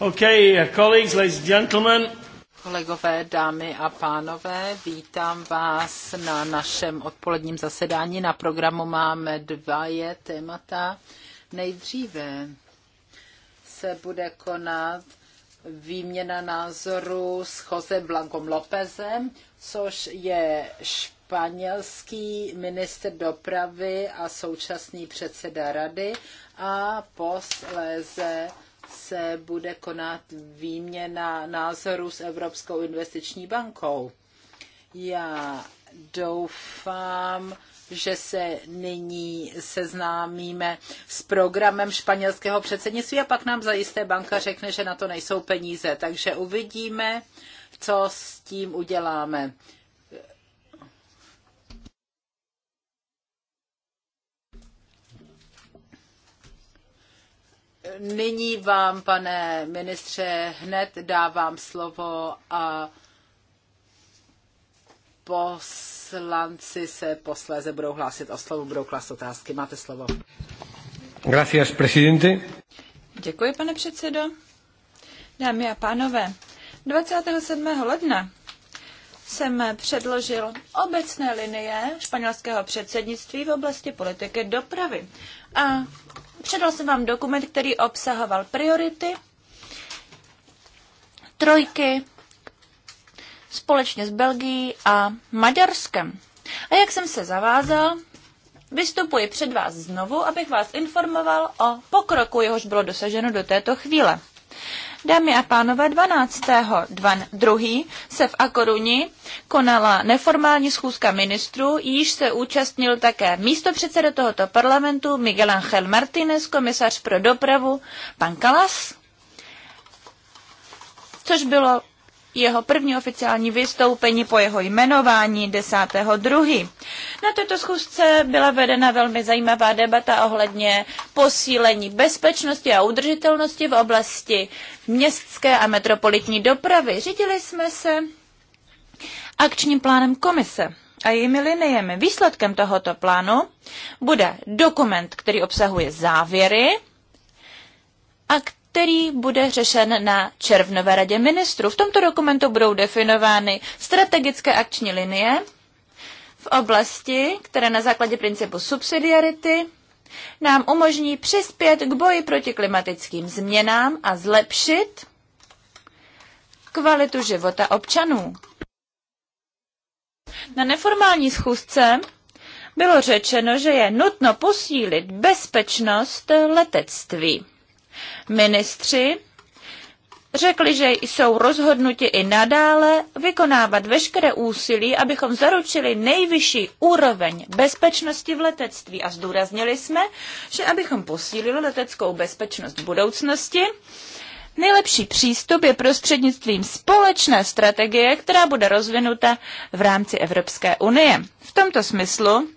Okay, uh, colleagues, ladies and gentlemen. Kolegové, dámy a pánové, vítám vás na našem odpoledním zasedání. Na programu máme dva je témata. Nejdříve se bude konat výměna názoru s Jose Blancom Lópezem, což je španělský minister dopravy a současný předseda rady a posléze se bude konat výměna názorů s Evropskou investiční bankou. Já doufám, že se nyní seznámíme s programem španělského předsednictví a pak nám zajisté banka řekne, že na to nejsou peníze. Takže uvidíme, co s tím uděláme. Nyní vám, pane ministře, hned dávám slovo a poslanci se posléze budou hlásit o slovo, budou klást otázky. Máte slovo. Gracias, presidente. Děkuji, pane předsedo. Dámy a pánové, 27. ledna jsem předložil obecné linie španělského předsednictví v oblasti politiky dopravy. A Předal jsem vám dokument, který obsahoval priority, trojky, společně s Belgií a Maďarskem. A jak jsem se zavázal, vystupuji před vás znovu, abych vás informoval o pokroku, jehož bylo dosaženo do této chvíle. Dámy a pánové, 12. Dvan, druhý se v Akoruni konala neformální schůzka ministrů, již se účastnil také místopředseda tohoto parlamentu Miguel Ángel Martínez, komisař pro dopravu, pan Kalas, což bylo jeho první oficiální vystoupení po jeho jmenování 10.2. Na této schůzce byla vedena velmi zajímavá debata ohledně posílení bezpečnosti a udržitelnosti v oblasti městské a metropolitní dopravy. Řídili jsme se akčním plánem komise a jejími liniemi. Výsledkem tohoto plánu bude dokument, který obsahuje závěry a který který bude řešen na červnové radě ministrů. V tomto dokumentu budou definovány strategické akční linie v oblasti, které na základě principu subsidiarity nám umožní přispět k boji proti klimatickým změnám a zlepšit kvalitu života občanů. Na neformální schůzce bylo řečeno, že je nutno posílit bezpečnost letectví ministři řekli, že jsou rozhodnuti i nadále vykonávat veškeré úsilí, abychom zaručili nejvyšší úroveň bezpečnosti v letectví a zdůraznili jsme, že abychom posílili leteckou bezpečnost v budoucnosti, Nejlepší přístup je prostřednictvím společné strategie, která bude rozvinuta v rámci Evropské unie. V tomto smyslu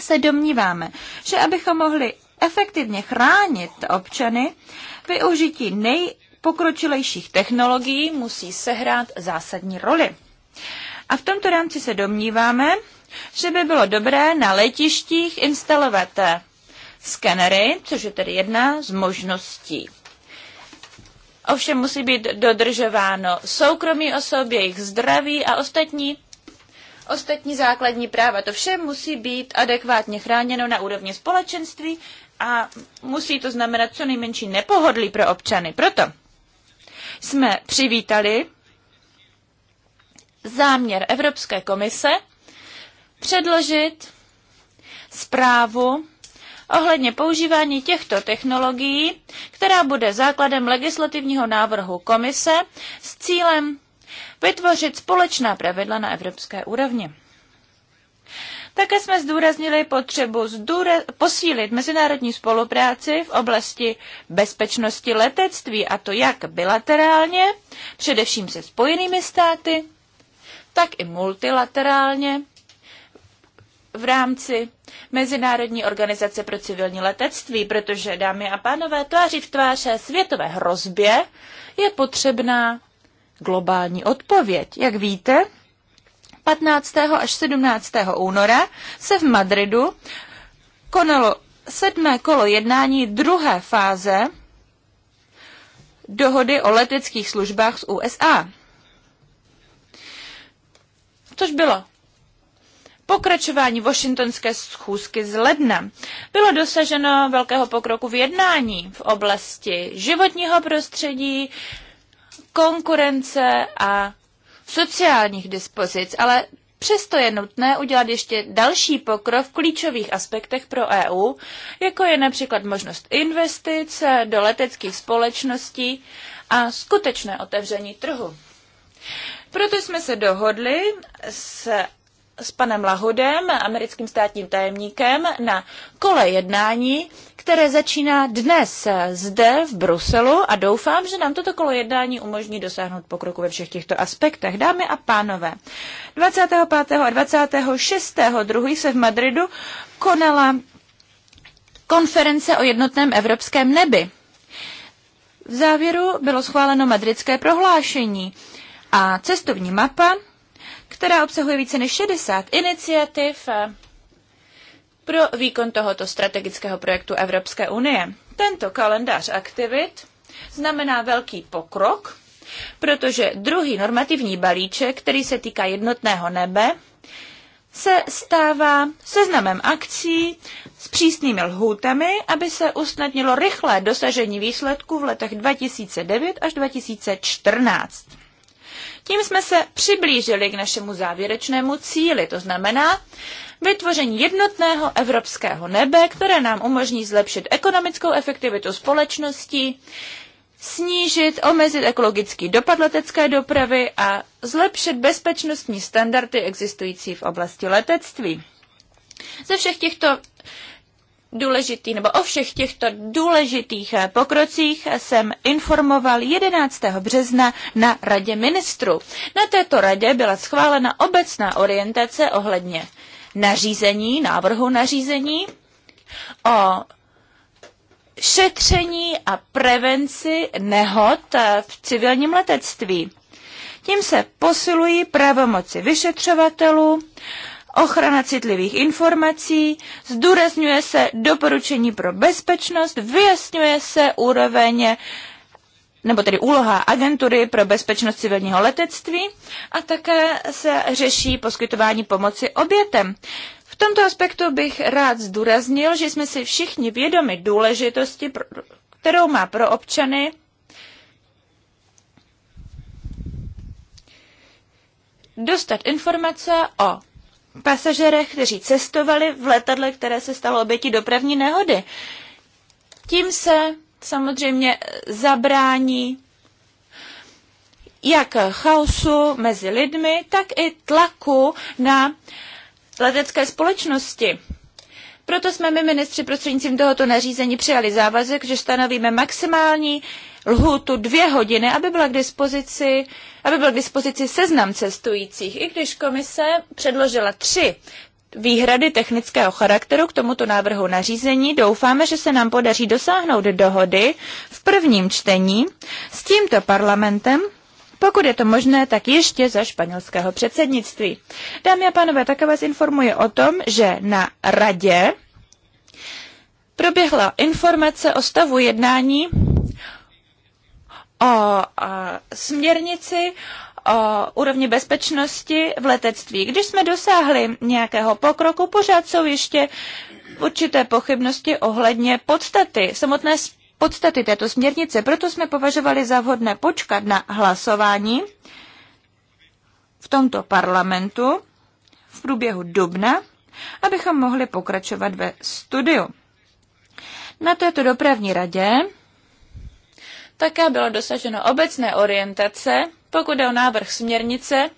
se domníváme, že abychom mohli efektivně chránit občany, Využití nejpokročilejších technologií musí sehrát zásadní roli. A v tomto rámci se domníváme, že by bylo dobré na letištích instalovat eh, skenery, což je tedy jedna z možností. Ovšem musí být dodržováno soukromí osob, jejich zdraví a ostatní, ostatní základní práva. To vše musí být adekvátně chráněno na úrovni společenství a musí to znamenat co nejmenší nepohodlí pro občany. Proto jsme přivítali záměr Evropské komise předložit zprávu ohledně používání těchto technologií, která bude základem legislativního návrhu komise s cílem vytvořit společná pravidla na evropské úrovni. Také jsme zdůraznili potřebu zdůra- posílit mezinárodní spolupráci v oblasti bezpečnosti letectví, a to jak bilaterálně, především se spojenými státy, tak i multilaterálně v rámci Mezinárodní organizace pro civilní letectví, protože, dámy a pánové, tváří v tváře světové hrozbě je potřebná globální odpověď. Jak víte, 15. až 17. února se v Madridu konalo sedmé kolo jednání druhé fáze dohody o leteckých službách z USA. Což bylo pokračování washingtonské schůzky z ledna. Bylo dosaženo velkého pokroku v jednání v oblasti životního prostředí, konkurence a sociálních dispozic, ale Přesto je nutné udělat ještě další pokrok v klíčových aspektech pro EU, jako je například možnost investic do leteckých společností a skutečné otevření trhu. Proto jsme se dohodli s, s panem Lahodem, americkým státním tajemníkem, na kole jednání, které začíná dnes zde v Bruselu a doufám, že nám toto kolo jednání umožní dosáhnout pokroku ve všech těchto aspektech. Dámy a pánové, 25. a 26. 2. se v Madridu konala konference o jednotném evropském nebi. V závěru bylo schváleno madridské prohlášení a cestovní mapa, která obsahuje více než 60 iniciativ pro výkon tohoto strategického projektu Evropské unie. Tento kalendář aktivit znamená velký pokrok, protože druhý normativní balíček, který se týká jednotného nebe, se stává seznamem akcí s přísnými lhůtami, aby se usnadnilo rychlé dosažení výsledků v letech 2009 až 2014. Tím jsme se přiblížili k našemu závěrečnému cíli, to znamená, vytvoření jednotného evropského nebe, které nám umožní zlepšit ekonomickou efektivitu společnosti, snížit, omezit ekologický dopad letecké dopravy a zlepšit bezpečnostní standardy existující v oblasti letectví. Ze všech těchto důležitý, nebo o všech těchto důležitých pokrocích jsem informoval 11. března na Radě ministrů. Na této radě byla schválena obecná orientace ohledně nařízení, návrhu nařízení o šetření a prevenci nehod v civilním letectví. Tím se posilují pravomoci vyšetřovatelů, ochrana citlivých informací, zdůrazňuje se doporučení pro bezpečnost, vyjasňuje se úroveň nebo tedy úloha agentury pro bezpečnost civilního letectví a také se řeší poskytování pomoci obětem. V tomto aspektu bych rád zdůraznil, že jsme si všichni vědomi důležitosti, kterou má pro občany dostat informace o pasažerech, kteří cestovali v letadle, které se stalo obětí dopravní nehody. Tím se samozřejmě zabrání jak chaosu mezi lidmi, tak i tlaku na letecké společnosti. Proto jsme my ministři prostřednictvím tohoto nařízení přijali závazek, že stanovíme maximální lhůtu dvě hodiny, aby, byla k dispozici, aby byl k dispozici seznam cestujících. I když komise předložila tři výhrady technického charakteru k tomuto návrhu nařízení, doufáme, že se nám podaří dosáhnout dohody v prvním čtení s tímto parlamentem, pokud je to možné, tak ještě za španělského předsednictví. Dámy a pánové, také vás informuji o tom, že na radě proběhla informace o stavu jednání o směrnici úrovni bezpečnosti v letectví. Když jsme dosáhli nějakého pokroku, pořád jsou ještě určité pochybnosti ohledně podstaty, samotné podstaty této směrnice. Proto jsme považovali za vhodné počkat na hlasování v tomto parlamentu v průběhu dubna, abychom mohli pokračovat ve studiu. Na této dopravní radě také bylo dosaženo obecné orientace, pokud je o návrh směrnice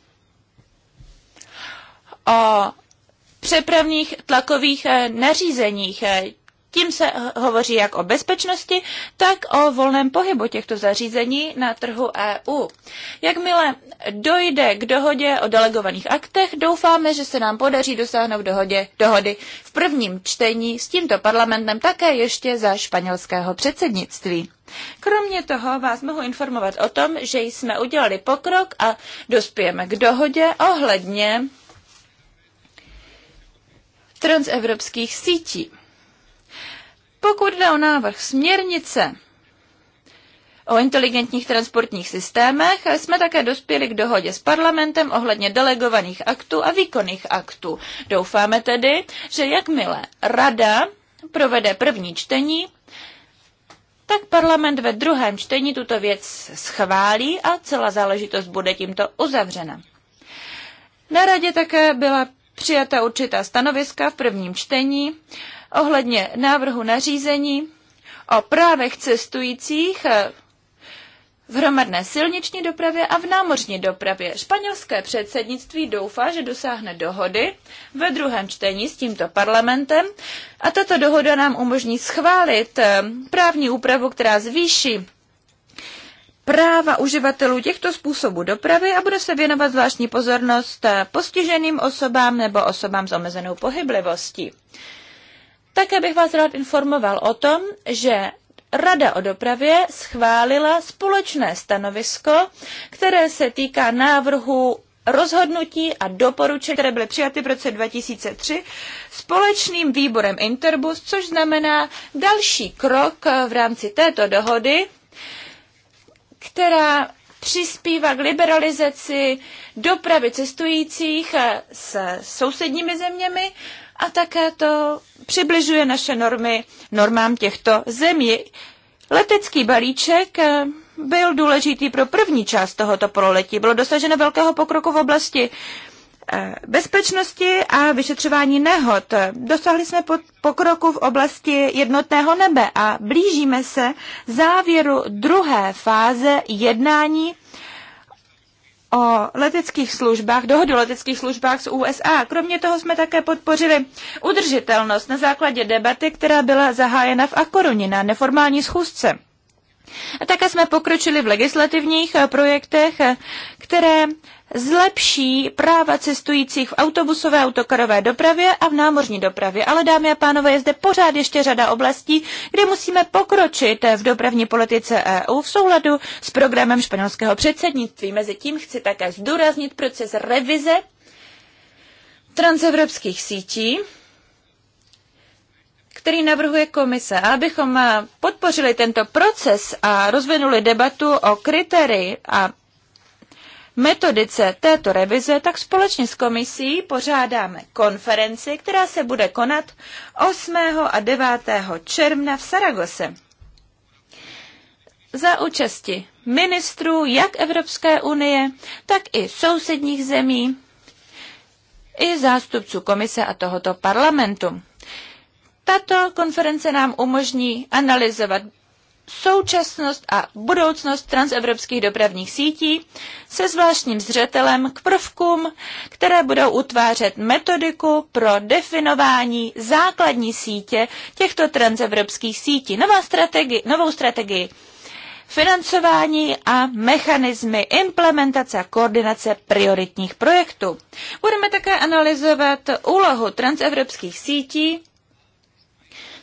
o přepravních tlakových eh, nařízeních. Eh, tím se hovoří jak o bezpečnosti, tak o volném pohybu těchto zařízení na trhu EU. Jakmile dojde k dohodě o delegovaných aktech, doufáme, že se nám podaří dosáhnout dohodě, dohody v prvním čtení s tímto parlamentem také ještě za španělského předsednictví. Kromě toho vás mohu informovat o tom, že jsme udělali pokrok a dospějeme k dohodě ohledně transevropských sítí. Pokud jde o návrh směrnice o inteligentních transportních systémech, jsme také dospěli k dohodě s parlamentem ohledně delegovaných aktů a výkonných aktů. Doufáme tedy, že jakmile Rada provede první čtení, tak parlament ve druhém čtení tuto věc schválí a celá záležitost bude tímto uzavřena. Na radě také byla přijata určitá stanoviska v prvním čtení ohledně návrhu nařízení o právech cestujících v hromadné silniční dopravě a v námořní dopravě. Španělské předsednictví doufá, že dosáhne dohody ve druhém čtení s tímto parlamentem a tato dohoda nám umožní schválit eh, právní úpravu, která zvýší práva uživatelů těchto způsobů dopravy a bude se věnovat zvláštní pozornost eh, postiženým osobám nebo osobám s omezenou pohyblivostí. Také bych vás rád informoval o tom, že Rada o dopravě schválila společné stanovisko, které se týká návrhu rozhodnutí a doporučení, které byly přijaty v roce 2003 společným výborem Interbus, což znamená další krok v rámci této dohody, která přispívá k liberalizaci dopravy cestujících s sousedními zeměmi a také to přibližuje naše normy normám těchto zemí. Letecký balíček eh, byl důležitý pro první část tohoto proletí. Bylo dosaženo velkého pokroku v oblasti eh, bezpečnosti a vyšetřování nehod. Dosáhli jsme pokroku v oblasti jednotného nebe a blížíme se závěru druhé fáze jednání o leteckých službách, dohodu o leteckých službách z USA. Kromě toho jsme také podpořili udržitelnost na základě debaty, která byla zahájena v Akoruni na neformální schůzce. A také jsme pokročili v legislativních eh, projektech, eh, které zlepší práva cestujících v autobusové autokarové dopravě a v námořní dopravě. Ale dámy a pánové, je zde pořád ještě řada oblastí, kde musíme pokročit v dopravní politice EU v souladu s programem španělského předsednictví. Mezitím chci také zdůraznit proces revize transevropských sítí, který navrhuje komise. A abychom podpořili tento proces a rozvinuli debatu o kritérii a metodice této revize, tak společně s komisí pořádáme konferenci, která se bude konat 8. a 9. června v Saragose. Za účasti ministrů jak Evropské unie, tak i sousedních zemí, i zástupců komise a tohoto parlamentu. Tato konference nám umožní analyzovat současnost a budoucnost transevropských dopravních sítí se zvláštním zřetelem k prvkům, které budou utvářet metodiku pro definování základní sítě těchto transevropských sítí. Nová strategi- novou strategii financování a mechanismy implementace a koordinace prioritních projektů. Budeme také analyzovat úlohu transevropských sítí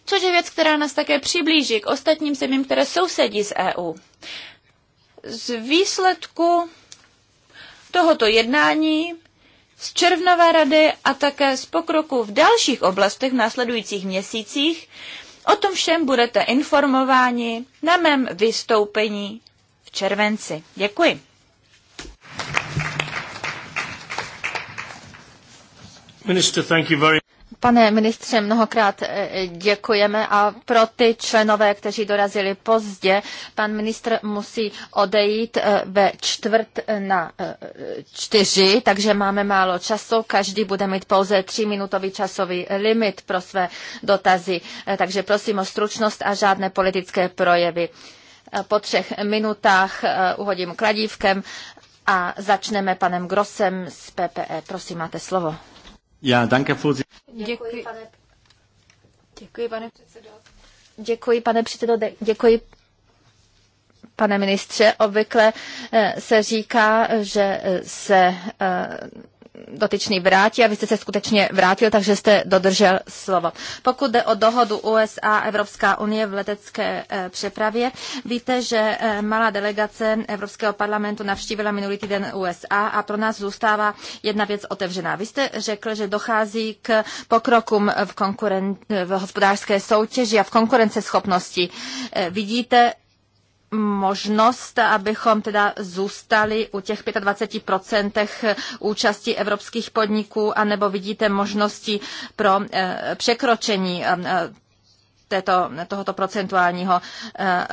což je věc, která nás také přiblíží k ostatním zemím, které sousedí s EU. Z výsledku tohoto jednání z červnové rady a také z pokroku v dalších oblastech v následujících měsících. O tom všem budete informováni na mém vystoupení v červenci. Děkuji. Minister, thank you very... Pane ministře, mnohokrát eh, děkujeme a pro ty členové, kteří dorazili pozdě, pan ministr musí odejít eh, ve čtvrt na eh, čtyři, takže máme málo času. Každý bude mít pouze tříminutový časový limit pro své dotazy, takže prosím o stručnost a žádné politické projevy. Po třech minutách uhodím kladívkem a začneme panem Grosem z PPE. Prosím, máte slovo. Já, danke, Děkuji, děkuji, pane předsedo. Děkuji, pane předsedo, děkuji, pane ministře. Obvykle eh, se říká, že eh, se eh, dotyčný vrátí, jste se skutečně vrátil, takže jste dodržel slovo. Pokud jde o dohodu USA Evropská unie v letecké eh, přepravě, víte, že eh, malá delegace Evropského parlamentu navštívila minulý týden USA a pro nás zůstává jedna věc otevřená. Vy jste řekl, že dochází k pokrokům v, konkuren- v hospodářské soutěži a v konkurenceschopnosti. Eh, vidíte možnost, abychom teda zůstali u těch 25% účasti evropských podniků, anebo vidíte možnosti pro eh, překročení eh, této, tohoto procentuálního eh,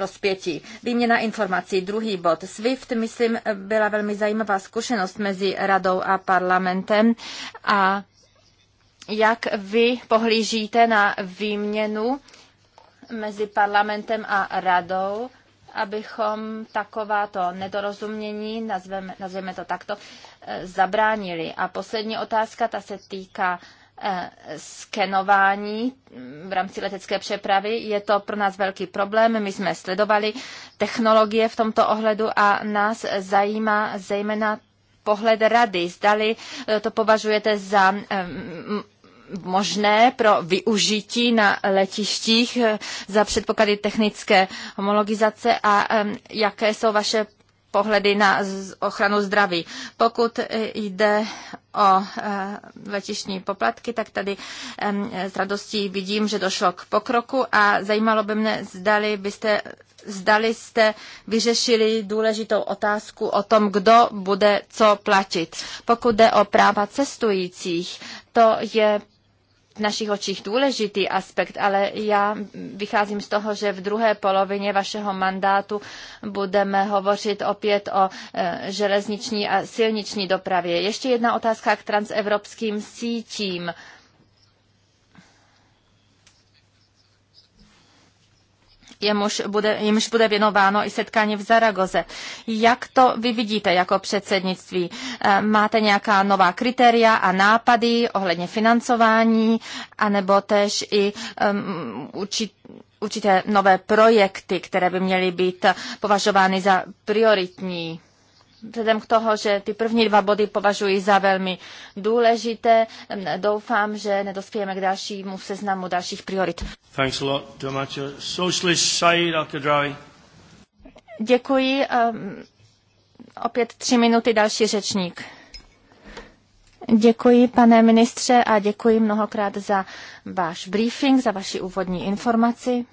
rozpětí. Výměna informací, druhý bod. SWIFT, myslím, byla velmi zajímavá zkušenost mezi radou a parlamentem a jak vy pohlížíte na výměnu mezi parlamentem a radou, abychom takováto nedorozumění, nazveme, nazveme to takto, eh, zabránili. A poslední otázka, ta se týká eh, skenování mm, v rámci letecké přepravy. Je to pro nás velký problém. My jsme sledovali technologie v tomto ohledu a nás zajímá zejména pohled rady. Zdali eh, to považujete za možné pro využití na letištích eh, za předpoklady technické homologizace a jaké jsou vaše pohledy na ochranu zdraví. Pokud eh, jde o eh, letišní poplatky, tak tady s radostí vidím, že došlo k pokroku a zajímalo by mne, zdali byste zdali jste vyřešili důležitou otázku o tom, kdo bude co platit. Pokud jde o práva cestujících, to je v našich očích důležitý aspekt, ale já vycházím z toho, že v druhé polovině vašeho mandátu budeme hovořit opět o e, železniční a silniční dopravě. Ještě jedna otázka k transevropským sítím. jemuž bude, jimž bude věnováno i setkání v Zaragoze. Jak to vy vidíte jako předsednictví? Eh, máte nějaká nová kritéria a nápady ohledně financování, anebo tež i um, určit, určité nové projekty, které by měly být považovány za prioritní? Vzhledem k toho, že ty první dva body považuji za velmi důležité, doufám, že nedospějeme k dalšímu seznamu dalších priorit. Thanks a lot, Damacho. Socialist Said al Děkuji. opět tři minuty další řečník. Děkuji, pane ministře, a děkuji mnohokrát za váš briefing, za vaši úvodní informaci.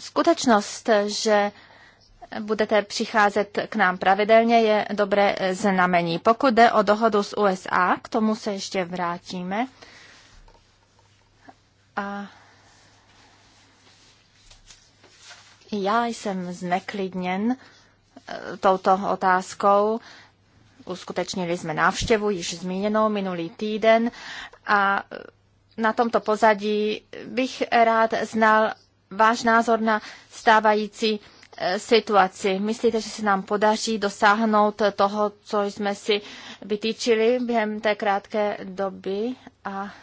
Skutečnost, že budete přicházet k nám pravidelně, je dobré znamení. Pokud jde o dohodu s USA, k tomu se ještě vrátíme. A já jsem zneklidněn e, touto otázkou. Uskutečnili jsme návštěvu, již zmíněnou minulý týden a na tomto pozadí bych rád znal váš názor na stávající e, situaci. Myslíte, že se nám podaří dosáhnout toho, co jsme si vytýčili během té krátké doby a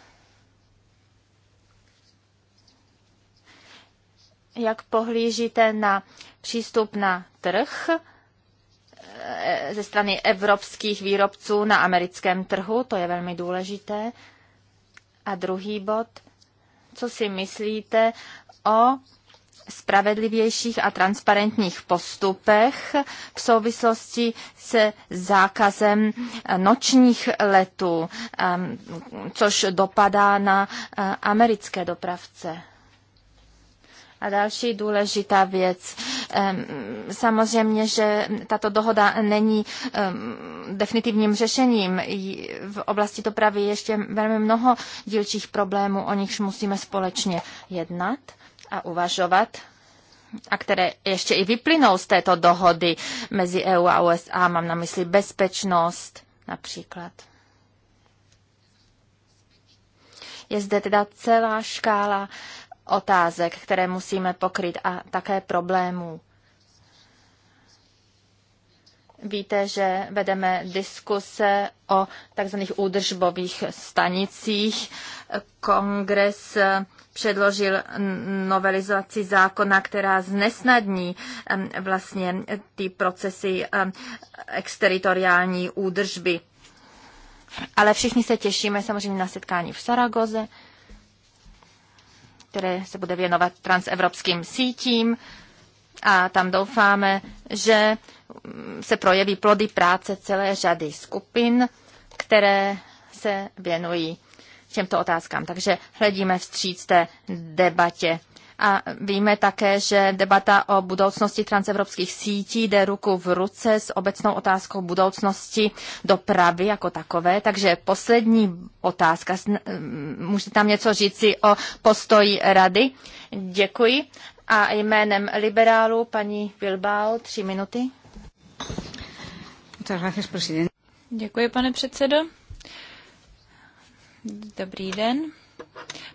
jak pohlížíte na přístup na trh e, ze strany evropských výrobců na americkém trhu, to je velmi důležité. A druhý bod – co si myslíte o spravedlivějších a transparentních postupech v souvislosti se zákazem nočních letů, um, což dopadá na eh, americké dopravce. A další důležitá věc. Samozřejmě, že tato dohoda není definitivním řešením. V oblasti dopravy je ještě velmi mnoho dílčích problémů, o nichž musíme společně jednat a uvažovat a které ještě i vyplynou z této dohody mezi EU a USA, mám na mysli bezpečnost například. Je zde teda celá škála otázek, které musíme pokryt a také problémů. Víte, že vedeme diskuse o tzv. údržbových stanicích. Kongres předložil novelizaci zákona, která znesnadní vlastně ty procesy exteritoriální údržby. Ale všichni se těšíme samozřejmě na setkání v Saragoze které se bude věnovat transevropským sítím a tam doufáme, že mm, se projeví plody práce celé řady skupin, které se věnují těmto otázkám. Takže hledíme vstříc té debatě a víme také, že debata o budoucnosti transevropských sítí jde ruku v ruce s obecnou otázkou budoucnosti dopravy jako takové. Takže poslední otázka. Můžete tam něco říci o postoji rady? Děkuji. A jménem liberálu paní Bilbao, tři minuty. Děkuji, pane předsedo. Dobrý den,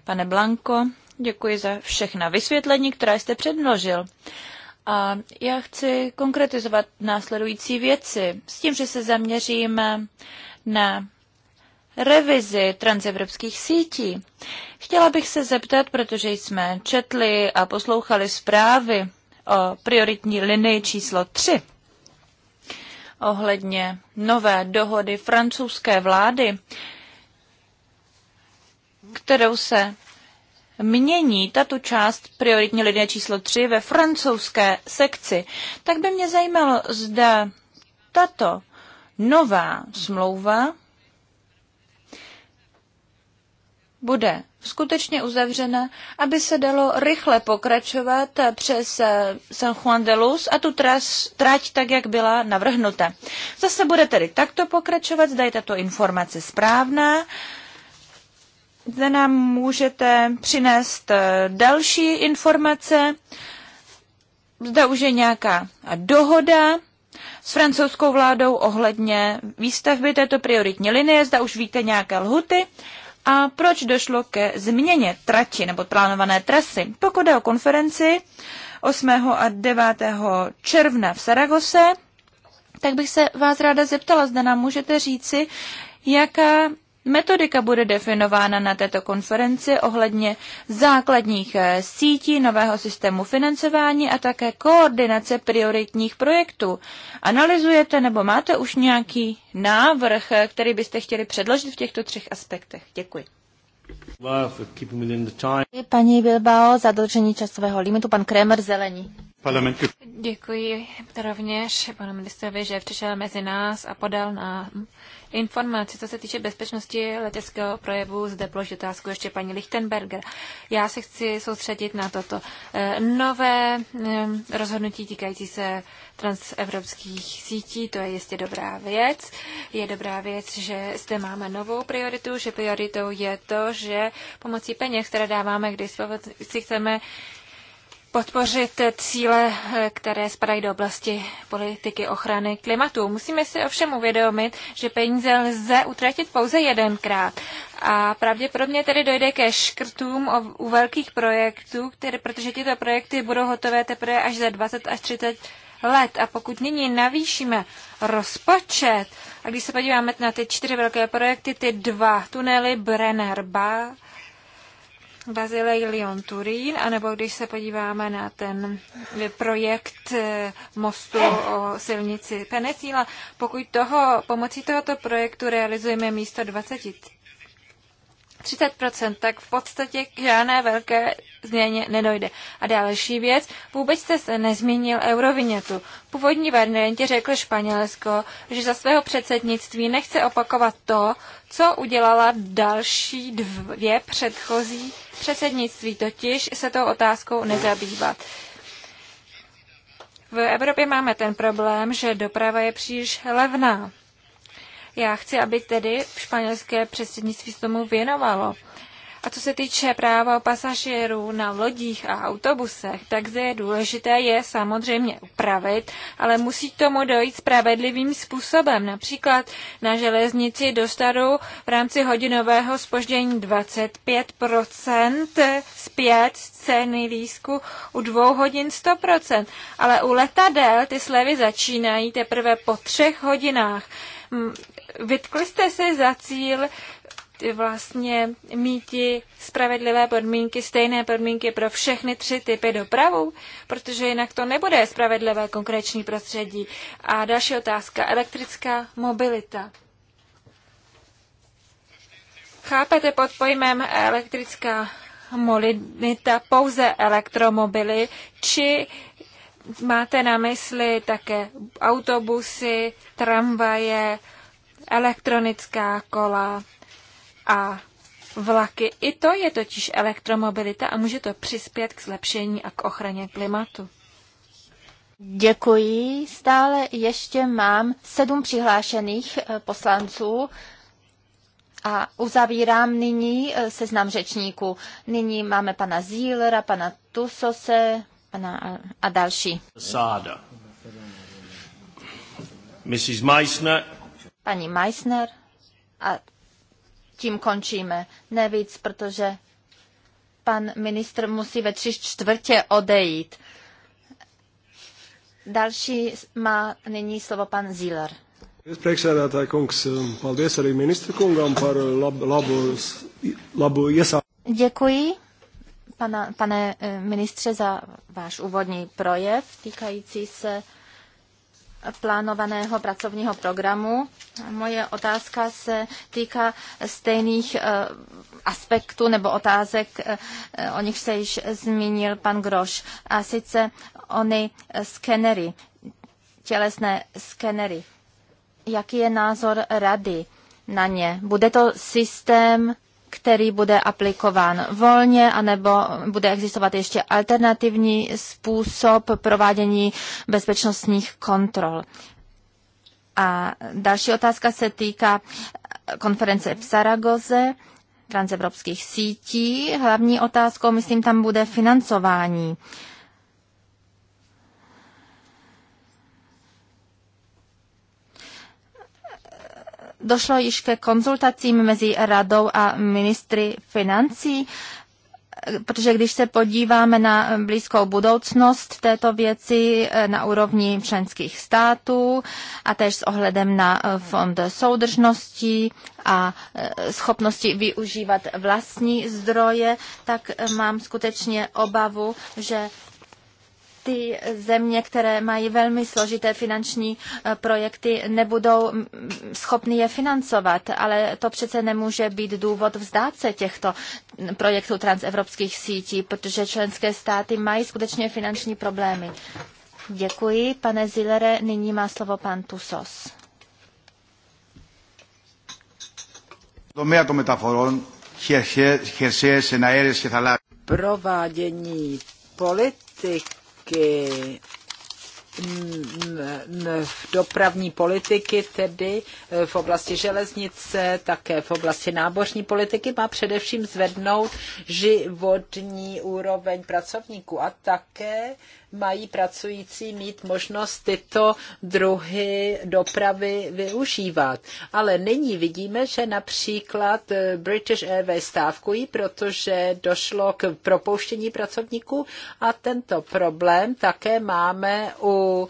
pane Blanko, Děkuji za všechna vysvětlení, která jste předložil. A já chci konkretizovat následující věci s tím, že se zaměříme na revizi transevropských sítí. Chtěla bych se zeptat, protože jsme četli a poslouchali zprávy o prioritní linii číslo 3 ohledně nové dohody francouzské vlády, kterou se mění tato část prioritní linie číslo 3 ve francouzské sekci, tak by mě zajímalo, zda tato nová smlouva bude skutečně uzavřena, aby se dalo rychle pokračovat přes San Juan de Luz a tu tras, trať tak, jak byla navrhnuta. Zase bude tedy takto pokračovat, zda je tato informace správná zde nám můžete přinést eh, další informace. Zda už je nějaká dohoda s francouzskou vládou ohledně výstavby této prioritní linie, zda už víte nějaké lhuty a proč došlo ke změně trati nebo plánované trasy. Pokud je o konferenci 8. a 9. června v Saragose, tak bych se vás ráda zeptala, zda nám můžete říci, jaká Metodika bude definována na této konferenci ohledně základních eh, sítí nového systému financování a také koordinace prioritních projektů. Analyzujete nebo máte už nějaký návrh, eh, který byste chtěli předložit v těchto třech aspektech? Děkuji. Paní Bilbao za dodržení časového limitu, pan Kremer Zelení parlamentu. Děkuji rovněž panu ministrovi, že přišel mezi nás a podal nám informace, co se týče bezpečnosti leteckého projevu. Zde položit otázku ještě paní Lichtenberger. Já se chci soustředit na toto eh, nové eh, rozhodnutí týkající se transevropských sítí. To je jistě dobrá věc. Je dobrá věc, že zde máme novou prioritu, že prioritou je to, že pomocí peněz, které dáváme k dispozici, chceme podpořit cíle, které spadají do oblasti politiky ochrany klimatu. Musíme si ovšem uvědomit, že peníze lze utratit pouze jedenkrát a pravděpodobně tedy dojde ke škrtům u velkých projektů, které, protože tyto projekty budou hotové teprve až za 20 až 30 let. A pokud nyní navýšíme rozpočet, a když se podíváme na ty čtyři velké projekty, ty dva tunely Brenner bach Vazilej Lyon Turín, anebo když se podíváme na ten projekt eh, mostu o silnici Penecíla, pokud toho, pomocí tohoto projektu realizujeme místo 20 30%, tak v podstatě k žádné velké změně nedojde. A další věc, vůbec jste se nezmínil eurovinětu. Původní varianti řekl Španělsko, že za svého předsednictví nechce opakovat to, co udělala další dvě předchozí předsednictví, totiž se tou otázkou nezabývat. V Evropě máme ten problém, že doprava je příliš levná. Já chci, aby tedy španělské předsednictví se tomu věnovalo. A co se týče práva pasažérů na lodích a autobusech, tak zde je důležité je samozřejmě upravit, ale musí k tomu dojít spravedlivým způsobem. Například na železnici dostanu v rámci hodinového spoždění 25% zpět z ceny lísku, u dvou hodin 100%, ale u letadel ty slevy začínají teprve po třech hodinách vytkli jste se za cíl eh, vlastně míti spravedlivé podmínky, stejné podmínky pro všechny tři typy dopravu, protože jinak to nebude spravedlivé konkrétní prostředí. A další otázka, elektrická mobilita. Chápete pod pojmem elektrická mobilita pouze elektromobily, či máte na mysli také autobusy, tramvaje, elektronická kola a vlaky. I to je totiž elektromobilita a může to přispět k zlepšení a k ochraně klimatu. Děkuji. Stále ještě mám sedm přihlášených eh, poslanců a uzavírám nyní eh, seznam řečníků. Nyní máme pana Zílera, pana Tusose pana a další. Sáda. Mrs. Meissner, paní Meissner a tím končíme. Ne protože pan ministr musí ve tři čtvrtě odejít. Další má nyní slovo pan Zíler. Děkuji, pana, pane eh, ministře, za váš úvodní projev týkající se plánovaného pracovního programu. Moje otázka se týká stejných eh, aspektů nebo otázek, eh, o nich se již zmínil pan Groš, a sice ony skenery, tělesné skenery. Jaký je názor rady na ně? Bude to systém který bude aplikován volně, anebo bude existovat ještě alternativní způsob provádění bezpečnostních kontrol. A další otázka se týká konference v Saragoze, transevropských sítí. Hlavní otázkou, myslím, tam bude financování. Došlo již ke konzultacím mezi radou a ministry financí protože když se podíváme na blízkou budoucnost v této věci eh, na úrovni členských států a též s ohledem na eh, fond soudržnosti a eh, schopnosti využívat vlastní zdroje, tak mám skutečně obavu, že ty země, které mají velmi složité finanční eh, projekty, nebudou mm, schopny je financovat, ale to přece nemůže být důvod vzdát se těchto mm, projektů transevropských sítí, protože členské státy mají skutečně finanční problémy. Děkuji. Pane Zilere, nyní má slovo pan Tusos. Provádění politik politiky, v dopravní politiky, tedy v oblasti železnice, také v oblasti nábořní politiky, má především zvednout životní úroveň pracovníků a také mají pracující mít možnost tyto druhy dopravy využívat. Ale nyní vidíme, že například eh, British Airways stávkují, protože došlo k propouštění pracovníků a tento problém také máme u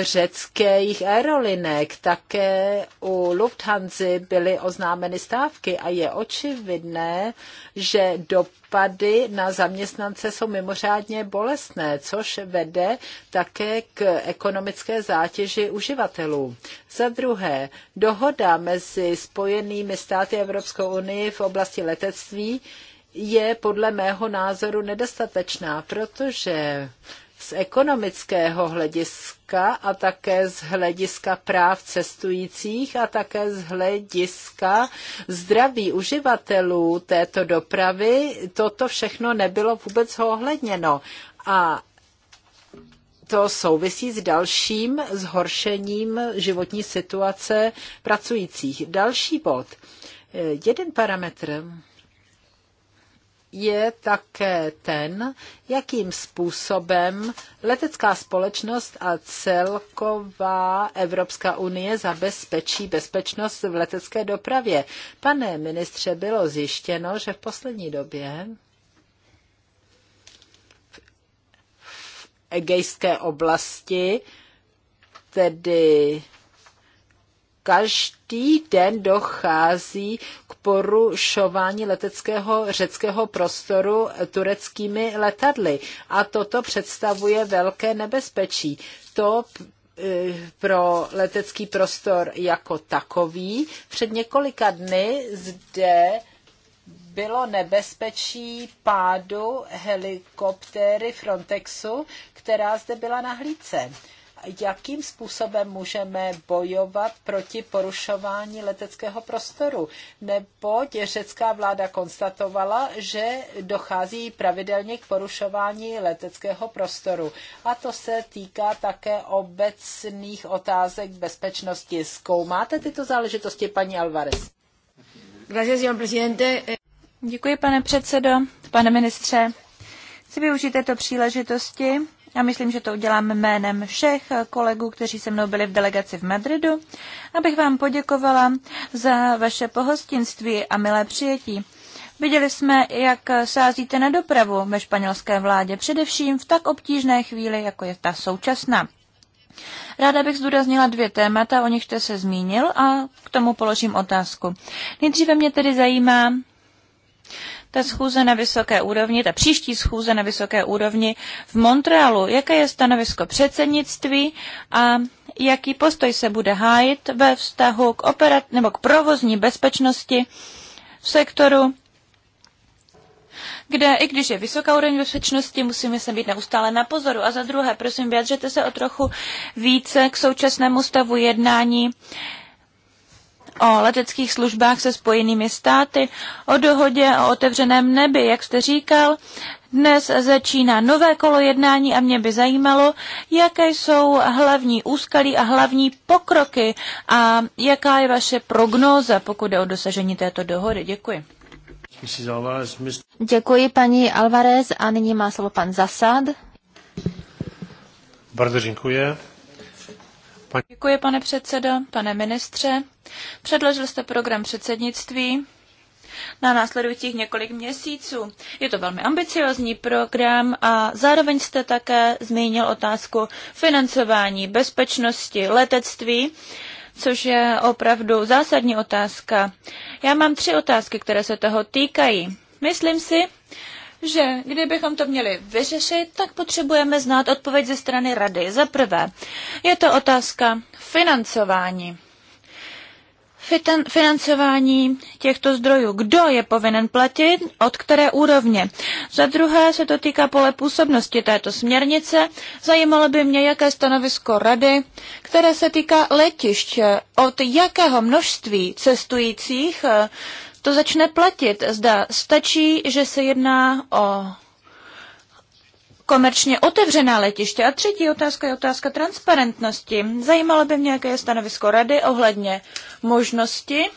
řeckých aerolinek. Také u Lufthansa byly oznámeny stávky a je očividné, že dopady na zaměstnance jsou mimořádně bolestné, což vede také k ekonomické zátěži uživatelů. Za druhé, dohoda mezi Spojenými státy a Evropskou unii v oblasti letectví je podle mého názoru nedostatečná, protože z ekonomického hlediska a také z hlediska práv cestujících a také z hlediska zdraví uživatelů této dopravy. Toto všechno nebylo vůbec ohledněno. A to souvisí s dalším zhoršením životní situace pracujících. Další bod. Jeden parametr je také ten, jakým způsobem letecká společnost a celková Evropská unie zabezpečí bezpečnost v letecké dopravě. Pane ministře, bylo zjištěno, že v poslední době v egejské oblasti, tedy každý den dochází k porušování leteckého řeckého prostoru tureckými letadly. A toto představuje velké nebezpečí. To eh, pro letecký prostor jako takový. Před několika dny zde bylo nebezpečí pádu helikoptéry Frontexu, která zde byla na hlídce jakým způsobem můžeme bojovat proti porušování leteckého prostoru. Neboť řecká vláda konstatovala, že dochází pravidelně k porušování leteckého prostoru. A to se týká také obecných otázek bezpečnosti. Zkoumáte tyto záležitosti, paní Alvarez? Děkuji, pane předsedo, pane ministře. Chci využít této příležitosti a myslím, že to udělám jménem všech kolegů, kteří se mnou byli v delegaci v Madridu, abych vám poděkovala za vaše pohostinství a milé přijetí. Viděli jsme, jak sázíte na dopravu ve španělské vládě, především v tak obtížné chvíli, jako je ta současná. Ráda bych zdůraznila dvě témata, o nich jste se zmínil a k tomu položím otázku. Nejdříve mě tedy zajímá, ta schůze na vysoké úrovni, ta příští schůze na vysoké úrovni v Montrealu. Jaké je stanovisko předsednictví a jaký postoj se bude hájit ve vztahu k, operat, nebo k provozní bezpečnosti v sektoru kde i když je vysoká úroveň bezpečnosti, musíme se být neustále na pozoru. A za druhé, prosím, vyjadřete se o trochu více k současnému stavu jednání o leteckých službách se spojenými státy, o dohodě o otevřeném nebi, jak jste říkal. Dnes začíná nové kolo jednání a mě by zajímalo, jaké jsou hlavní úskalí a hlavní pokroky a jaká je vaše prognóza, pokud je o dosažení této dohody. Děkuji. Děkuji paní Alvarez a nyní má slovo pan Zasad. Bardzo dziękuję. Děkuji, pane předsedo, pane ministře. Předložil jste program předsednictví na následujících několik měsíců. Je to velmi ambiciozní program a zároveň jste také zmínil otázku financování, bezpečnosti, letectví, což je opravdu zásadní otázka. Já mám tři otázky, které se toho týkají. Myslím si, že kdybychom to měli vyřešit, tak potřebujeme znát odpověď ze strany rady. Za prvé, je to otázka financování. Fitan, financování těchto zdrojů. Kdo je povinen platit, od které úrovně. Za druhé se to týká pole působnosti této směrnice. Zajímalo by mě, jaké stanovisko rady, které se týká letišť, od jakého množství cestujících eh, to začne platit. Zda stačí, že se jedná o komerčně otevřená letiště. A třetí otázka je otázka transparentnosti. Zajímalo by mě, jaké je stanovisko rady ohledně možnosti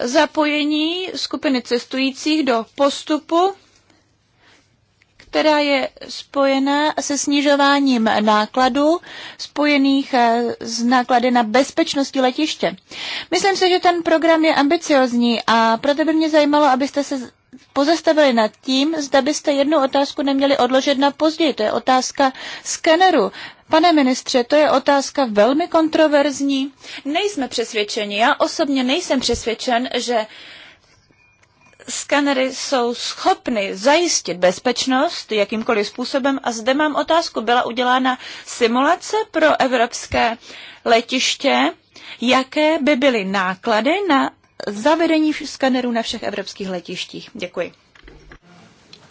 zapojení skupiny cestujících do postupu která je spojená se snižováním nákladů spojených eh, s náklady na bezpečnosti letiště. Myslím si, že ten program je ambiciozní a proto by mě zajímalo, abyste se pozastavili nad tím, zda byste jednu otázku neměli odložit na později. To je otázka skeneru. Pane ministře, to je otázka velmi kontroverzní. Nejsme přesvědčeni, já osobně nejsem přesvědčen, že skanery jsou schopny zajistit bezpečnost jakýmkoliv způsobem. A zde mám otázku, byla udělána simulace pro evropské letiště, jaké by byly náklady na zavedení skanerů na všech evropských letištích. Děkuji.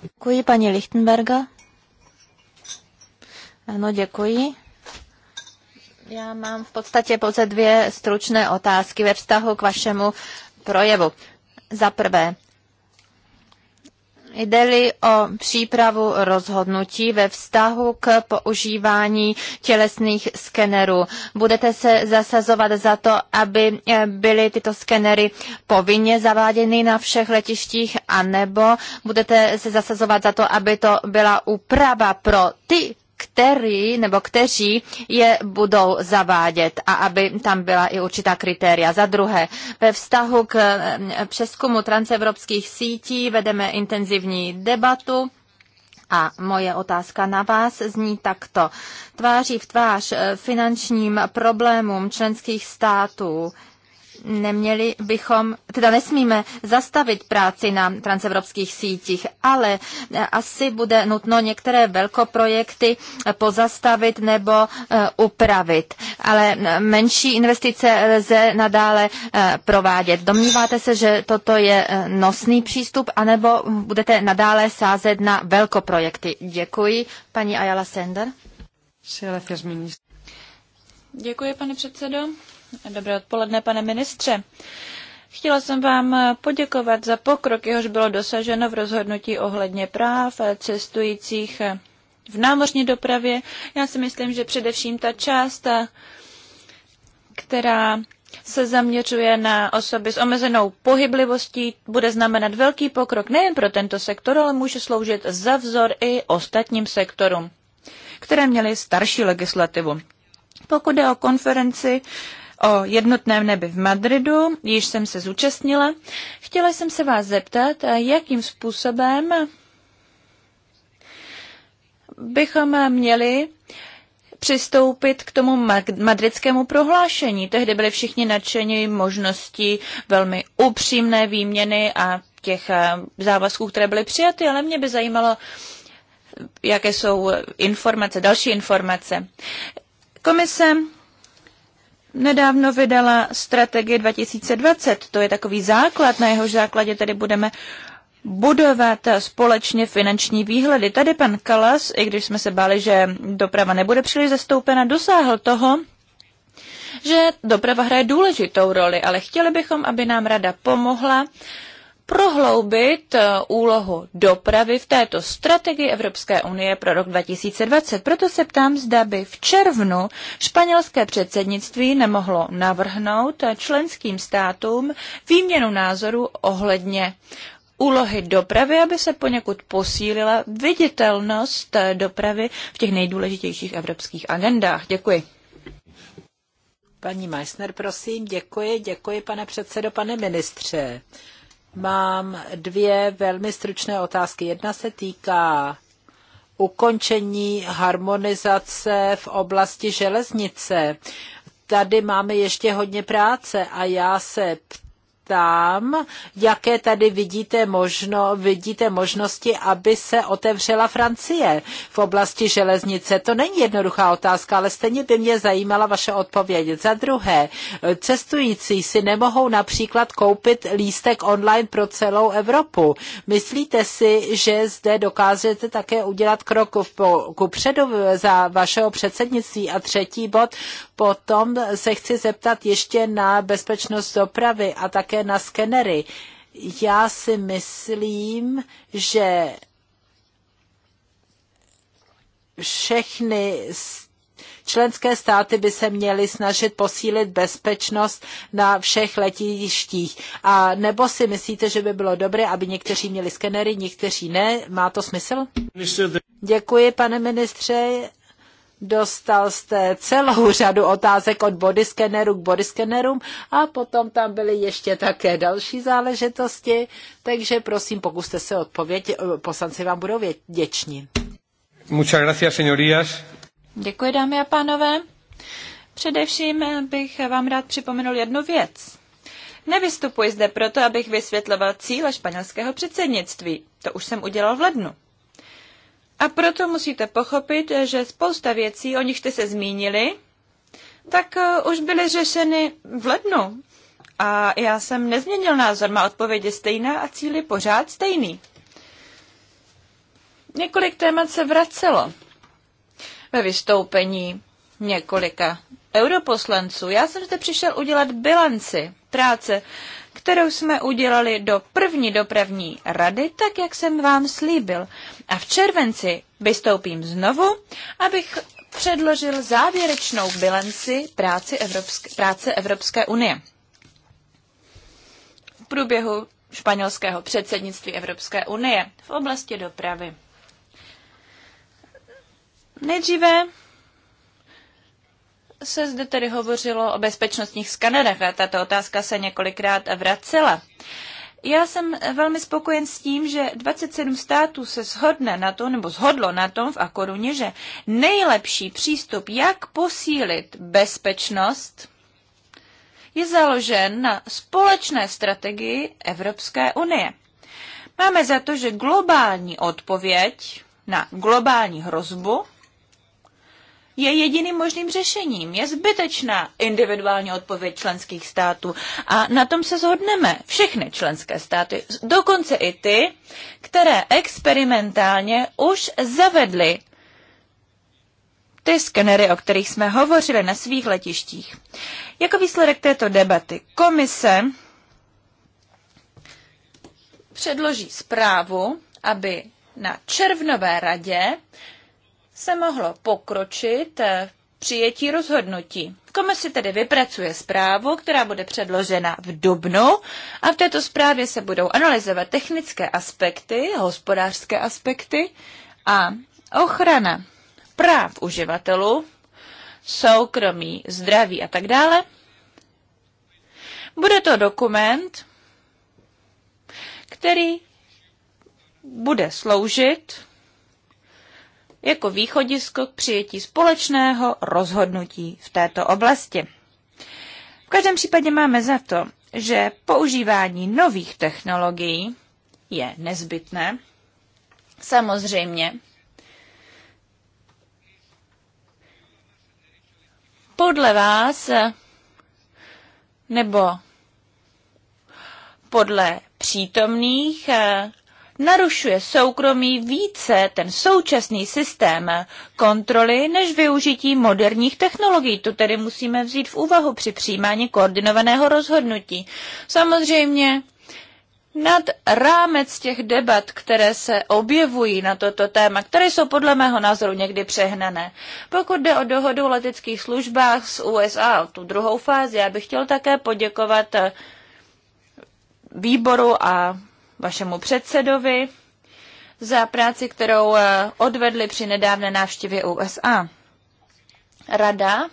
Děkuji, paní Lichtenberga. Ano, děkuji. Já mám v podstatě pouze dvě stručné otázky ve vztahu k vašemu projevu. Za prvé, Jde-li o přípravu rozhodnutí ve vztahu k používání tělesných skenerů. Budete se zasazovat za to, aby eh, byly tyto skenery povinně zaváděny na všech letištích, anebo budete se zasazovat za to, aby to byla úprava pro ty který nebo kteří je budou zavádět a aby tam byla i určitá kritéria. Za druhé, ve vztahu k mm, přeskumu transevropských sítí vedeme intenzivní debatu. A moje otázka na vás zní takto. Tváří v tvář eh, finančním problémům členských států neměli bychom, teda nesmíme zastavit práci na transevropských sítích, ale eh, asi bude nutno některé velkoprojekty eh, pozastavit nebo eh, upravit. Ale menší investice lze nadále provádět. Domníváte se, že toto je nosný přístup, anebo budete nadále sázet na velkoprojekty? Děkuji. Paní Ayala Sender. Děkuji, pane předsedo. Dobré odpoledne, pane ministře. Chtěla jsem vám poděkovat za pokrok, jehož bylo dosaženo v rozhodnutí ohledně práv cestujících v námořní dopravě. Já si myslím, že především ta část, která se zaměřuje na osoby s omezenou pohyblivostí, bude znamenat velký pokrok nejen pro tento sektor, ale může sloužit za vzor i ostatním sektorům, které měly starší legislativu. Pokud jde o konferenci o jednotném nebi v Madridu, již jsem se zúčastnila. Chtěla jsem se vás zeptat, jakým způsobem bychom měli přistoupit k tomu madridskému prohlášení. Tehdy byli všichni nadšeni možností velmi upřímné výměny a těch eh, závazků, které byly přijaty, ale mě by zajímalo, jaké jsou informace, další informace. Komise nedávno vydala strategie 2020. To je takový základ, na jehož základě tedy budeme budovat společně finanční výhledy. Tady pan Kalas, i když jsme se báli, že doprava nebude příliš zastoupena, dosáhl toho, že doprava hraje důležitou roli, ale chtěli bychom, aby nám rada pomohla uh, prohloubit eh, úlohu dopravy v této strategii Evropské unie pro rok 2020. Proto se ptám, zda by v červnu španělské předsednictví nemohlo navrhnout členským státům výměnu názoru ohledně úlohy dopravy, aby se poněkud posílila viditelnost dopravy v těch nejdůležitějších evropských agendách. Děkuji. Paní Meissner, prosím, děkuji, děkuji, pane předsedo, pane ministře. Mám dvě velmi stručné otázky. Jedna se týká ukončení harmonizace v oblasti železnice. Tady máme ještě hodně práce a já se ptám, ptám, jaké tady vidíte, možno, vidíte možnosti, aby se otevřela Francie v oblasti železnice. To není jednoduchá otázka, ale stejně by mě zajímala vaše odpověď. Za druhé, cestující si nemohou například koupit lístek online pro celou Evropu. Myslíte si, že zde dokážete také udělat krok ku předu za vašeho předsednictví? A třetí bod, potom se chci zeptat ještě na bezpečnost dopravy a také také na skenery. Já si myslím, že všechny Členské státy by se měly snažit posílit bezpečnost na všech letištích. A nebo si myslíte, že by bylo dobré, aby někteří měli skenery, někteří ne? Má to smysl? Děkuji, pane ministře. Dostal jste celou řadu otázek od bodyskeneru k bodyskenerům a potom tam byly ještě také další záležitosti, takže prosím, pokuste se odpovědět, eh, poslanci vám budou vděční. Muchas gracias, señorías. Děkuji, dámy a pánové. Především bych vám rád připomenul jednu věc. Nevystupuji zde proto, abych vysvětloval cíle španělského předsednictví. To už jsem udělal v lednu. A proto musíte pochopit, že spousta věcí, o nich jste se zmínili, tak eh, už byly řešeny v lednu. A já jsem nezměnil názor, má odpověď je stejná a cíl je pořád stejný. Několik témat se vracelo ve vystoupení několika europoslanců. Já jsem zde přišel udělat bilanci práce kterou jsme udělali do první dopravní rady, tak jak jsem vám slíbil. A v červenci vystoupím znovu, abych předložil závěrečnou bilanci práci Evropské, práce Evropské unie. V průběhu španělského předsednictví Evropské unie v oblasti dopravy. Nejdříve se zde tedy hovořilo o bezpečnostních skanerech a tato otázka se několikrát vracela. Já jsem velmi spokojen s tím, že 27 států se shodne na tom, nebo shodlo na tom v Akoruně, že nejlepší přístup, jak posílit bezpečnost, je založen na společné strategii Evropské unie. Máme za to, že globální odpověď na globální hrozbu je jediným možným řešením. Je zbytečná individuální odpověď členských států a na tom se zhodneme všechny členské státy, dokonce i ty, které experimentálně už zavedly ty skenery, o kterých jsme hovořili na svých letištích. Jako výsledek této debaty komise předloží zprávu, aby na červnové radě se mohlo pokročit eh, přijetí rozhodnutí. Komise tedy vypracuje zprávu, která bude předložena v dubnu a v této zprávě se budou analyzovat technické aspekty, hospodářské aspekty a ochrana práv uživatelů, soukromí, zdraví a tak dále. Bude to dokument, který bude sloužit jako východisko k přijetí společného rozhodnutí v této oblasti. V každém případě máme za to, že používání nových technologií je nezbytné. Samozřejmě podle vás nebo podle přítomných narušuje soukromí více ten současný systém kontroly než využití moderních technologií. To tedy musíme vzít v úvahu při přijímání koordinovaného rozhodnutí. Samozřejmě nad rámec těch debat, které se objevují na toto téma, které jsou podle mého názoru někdy přehnané. Pokud jde o dohodu o leteckých službách z USA, tu druhou fázi, já bych chtěl také poděkovat eh, výboru a vašemu předsedovi za práci, kterou eh, odvedli při nedávné návštěvě USA. Rada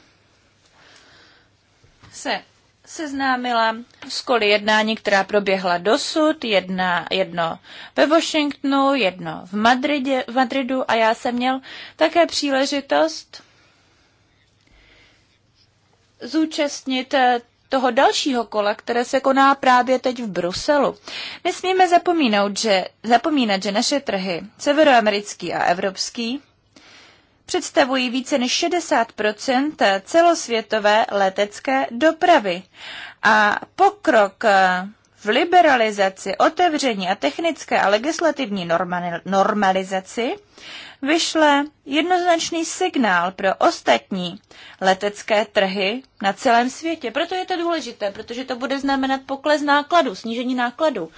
se seznámila s koli jednání, která proběhla dosud, jedna, jedno ve Washingtonu, jedno v, Madridě, v Madridu a já jsem měl také příležitost zúčastnit eh, toho dalšího kola, které se koná právě teď v Bruselu. Nesmíme zapomínat, že, zapomínat, že naše trhy, severoamerický a evropský, představují více než 60 celosvětové letecké dopravy. A pokrok eh, v liberalizaci, otevření a technické a legislativní normalizaci vyšle jednoznačný signál pro ostatní letecké trhy na celém světě. Proto je to důležité, protože to bude znamenat pokles nákladů, snížení nákladů.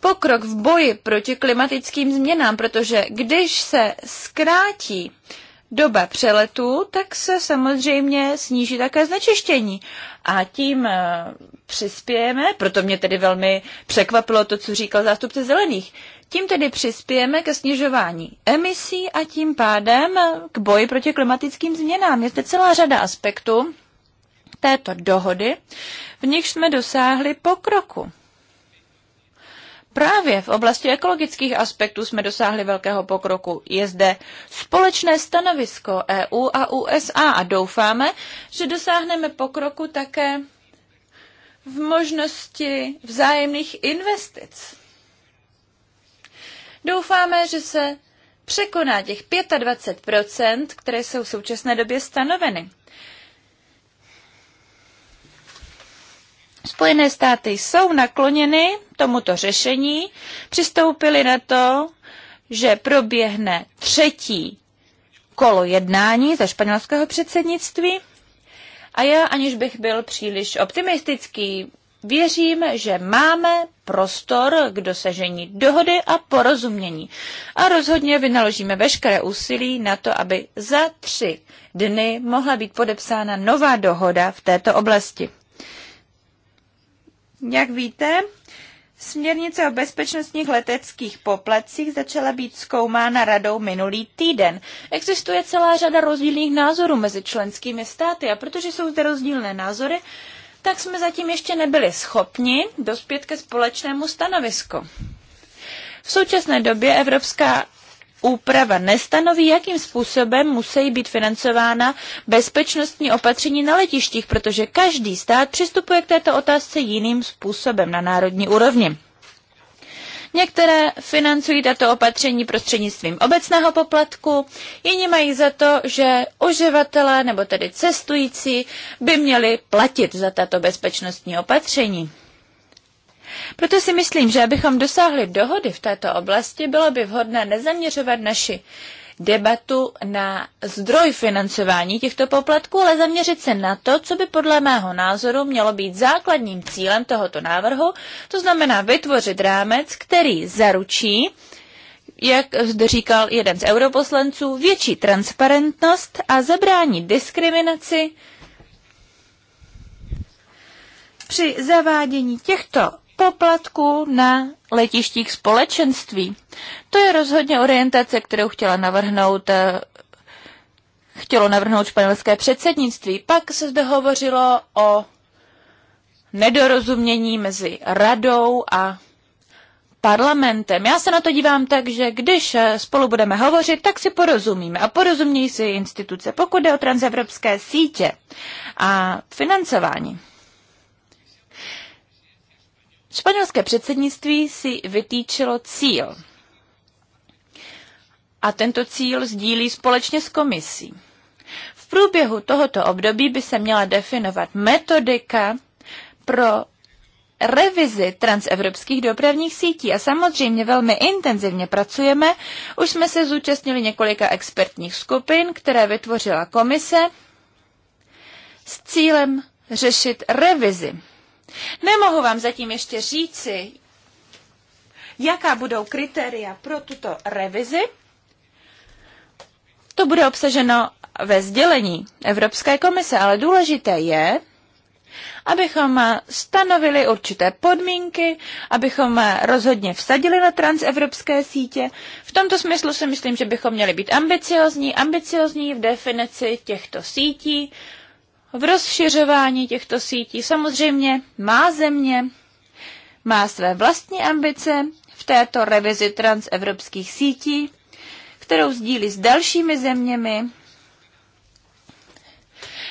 Pokrok v boji proti klimatickým změnám, protože když se zkrátí uh, doba přeletu, tak se samozřejmě sníží také znečištění. A tím eh, přispějeme, proto mě tedy velmi překvapilo to, co říkal zástupce zelených, tím tedy přispějeme ke snižování emisí a tím pádem eh, k boji proti klimatickým změnám. Je zde celá řada aspektů této dohody, v nich jsme dosáhli pokroku. Právě v oblasti ekologických aspektů jsme dosáhli velkého pokroku. Je zde společné stanovisko EU a USA a doufáme, že dosáhneme pokroku také v možnosti vzájemných investic. Doufáme, že se překoná těch 25 které jsou v současné době stanoveny. Spojené státy jsou nakloněny tomuto řešení, přistoupili na to, že proběhne třetí kolo jednání za španělského předsednictví a já, aniž bych byl příliš optimistický, věřím, že máme prostor k dosažení dohody a porozumění a rozhodně vynaložíme veškeré úsilí na to, aby za tři dny mohla být podepsána nová dohoda v této oblasti. Jak víte, Směrnice o bezpečnostních leteckých poplecích začala být zkoumána radou minulý týden. Existuje celá řada rozdílných názorů mezi členskými státy a protože jsou zde rozdílné názory, tak jsme zatím ještě nebyli schopni dospět ke společnému stanovisku. V současné době Evropská úprava nestanoví, jakým způsobem musí být financována bezpečnostní opatření na letištích, protože každý stát přistupuje k této otázce jiným způsobem na národní úrovni. Některé financují tato opatření prostřednictvím obecného poplatku, jiní mají za to, že uživatelé nebo tedy cestující by měli platit za tato bezpečnostní opatření. Proto si myslím, že abychom dosáhli dohody v této oblasti, bylo by vhodné nezaměřovat naši debatu na zdroj financování těchto poplatků, ale zaměřit se na to, co by podle mého názoru mělo být základním cílem tohoto návrhu, to znamená vytvořit rámec, který zaručí, jak zde říkal jeden z europoslanců, větší transparentnost a zabrání diskriminaci při zavádění těchto poplatku na letištích společenství. To je rozhodně orientace, kterou chtěla navrhnout eh, chtělo navrhnout španělské předsednictví. Pak se zde hovořilo o nedorozumění mezi radou a parlamentem. Já se na to dívám tak, že když eh, spolu budeme hovořit, tak si porozumíme a porozumějí si instituce, pokud jde o transevropské sítě a financování. Španělské předsednictví si vytýčilo cíl. A tento cíl sdílí společně s komisí. V průběhu tohoto období by se měla definovat metodika pro revizi transevropských dopravních sítí a samozřejmě velmi intenzivně pracujeme. Už jsme se zúčastnili několika expertních skupin, které vytvořila komise s cílem řešit revizi Nemohu vám zatím ještě říci, jaká budou kritéria pro tuto revizi. To bude obsaženo ve sdělení Evropské komise, ale důležité je, abychom stanovili určité podmínky, abychom rozhodně vsadili na transevropské sítě. V tomto smyslu si myslím, že bychom měli být ambiciozní, ambiciozní v definici těchto sítí, v rozšiřování těchto sítí. Samozřejmě má země, má své vlastní ambice v této revizi transevropských sítí, kterou sdílí s dalšími zeměmi,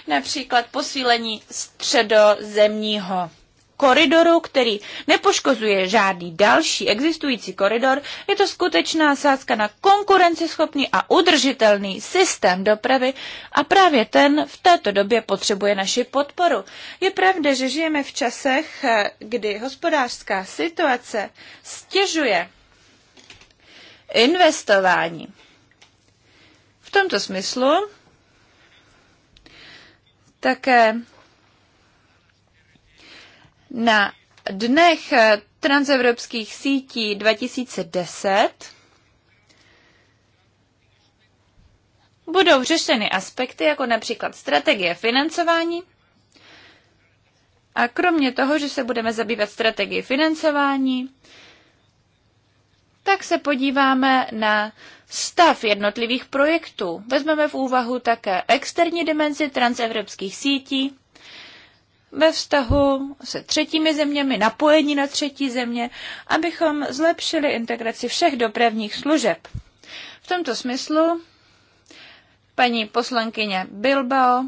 například posílení středozemního koridoru, který nepoškozuje žádný další existující koridor, je to skutečná sázka na konkurenceschopný a udržitelný systém dopravy a právě ten v této době potřebuje naši podporu. Je pravda, že žijeme v časech, eh, kdy hospodářská situace stěžuje investování. V tomto smyslu také na dnech transevropských sítí 2010 budou řešeny aspekty jako například strategie financování a kromě toho, že se budeme zabývat strategií financování, tak se podíváme na stav jednotlivých projektů. Vezmeme v úvahu také externí dimenzi transevropských sítí ve vztahu se třetími zeměmi, napojení na třetí země, abychom zlepšili integraci všech dopravních služeb. V tomto smyslu paní poslankyně Bilbao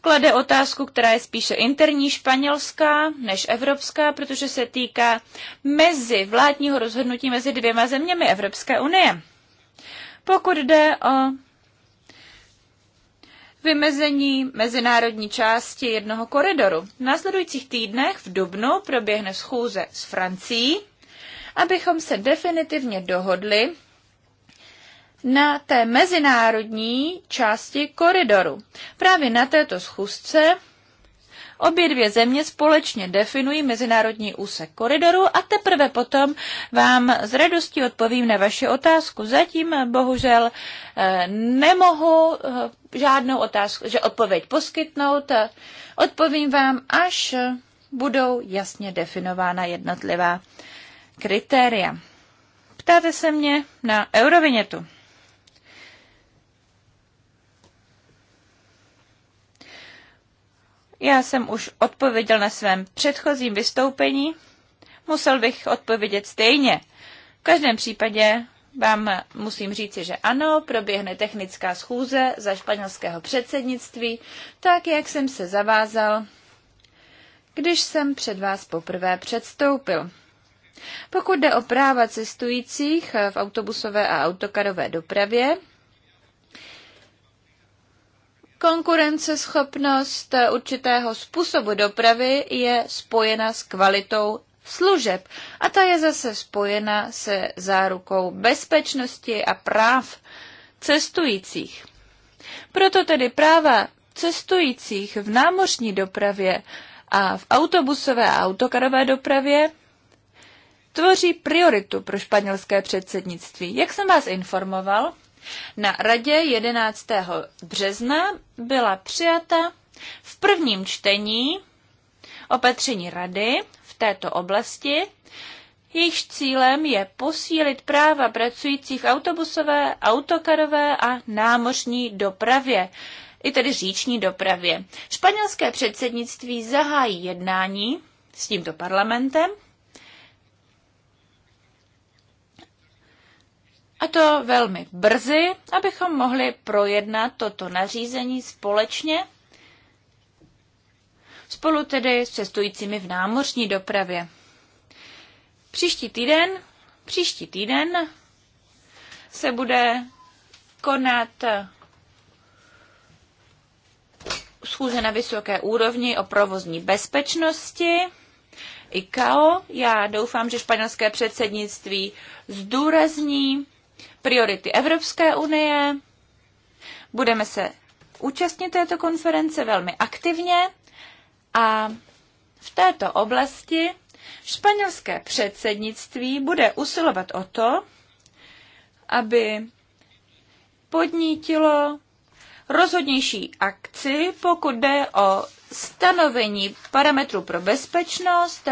klade otázku, která je spíše interní španělská než evropská, protože se týká mezi vládního rozhodnutí mezi dvěma zeměmi Evropské unie. Pokud jde o vymezení mezinárodní části jednoho koridoru. V následujících týdnech v Dubnu proběhne schůze s Francií, abychom se definitivně dohodli na té mezinárodní části koridoru. Právě na této schůzce Obě dvě země společně definují mezinárodní úsek koridoru a teprve potom vám s radostí odpovím na vaši otázku. Zatím eh, bohužel eh, nemohu eh, žádnou otázku, že odpověď poskytnout. Odpovím vám, až budou jasně definována jednotlivá kritéria. Ptáte se mě na eurovinětu. Já jsem už odpověděl na svém předchozím vystoupení. Musel bych odpovědět stejně. V každém případě vám musím říci, že ano, proběhne technická schůze za španělského předsednictví, tak jak jsem se zavázal, když jsem před vás poprvé předstoupil. Pokud jde o práva cestujících v autobusové a autokarové dopravě, Konkurenceschopnost určitého způsobu dopravy je spojena s kvalitou služeb a ta je zase spojena se zárukou bezpečnosti a práv cestujících. Proto tedy práva cestujících v námořní dopravě a v autobusové a autokarové dopravě tvoří prioritu pro španělské předsednictví. Jak jsem vás informoval, na radě 11. března byla přijata v prvním čtení opatření rady v této oblasti, jejichž cílem je posílit práva pracujících autobusové, autokarové a námořní dopravě, i tedy říční dopravě. Španělské předsednictví zahájí jednání s tímto parlamentem A to velmi brzy, abychom mohli projednat toto nařízení společně, spolu tedy s cestujícími v námořní dopravě. Příští týden, příští týden se bude konat schůze na vysoké úrovni o provozní bezpečnosti. ICAO. Já doufám, že španělské předsednictví zdůrazní priority Evropské unie. Budeme se účastnit této konference velmi aktivně a v této oblasti španělské předsednictví bude usilovat o to, aby podnítilo rozhodnější akci, pokud jde o stanovení parametrů pro bezpečnost,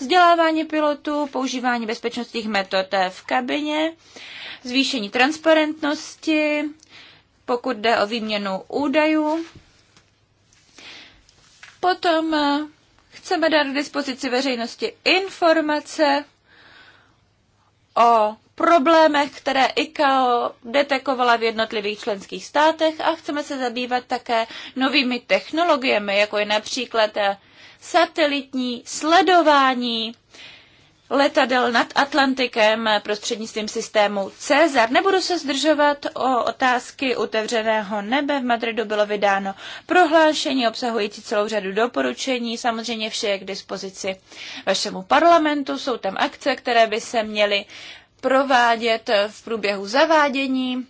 vzdělávání pilotů, používání bezpečnostních metod v kabině zvýšení transparentnosti, pokud jde o výměnu údajů. Potom eh, chceme dát k dispozici veřejnosti informace o problémech, které ICAO detekovala v jednotlivých členských státech a chceme se zabývat také novými technologiemi, jako je například eh, satelitní sledování letadel nad Atlantikem prostřednictvím systému Cezar. Nebudu se zdržovat o otázky otevřeného nebe. V Madridu bylo vydáno prohlášení obsahující celou řadu doporučení. Samozřejmě vše je k dispozici vašemu parlamentu. Jsou tam akce, které by se měly provádět v průběhu zavádění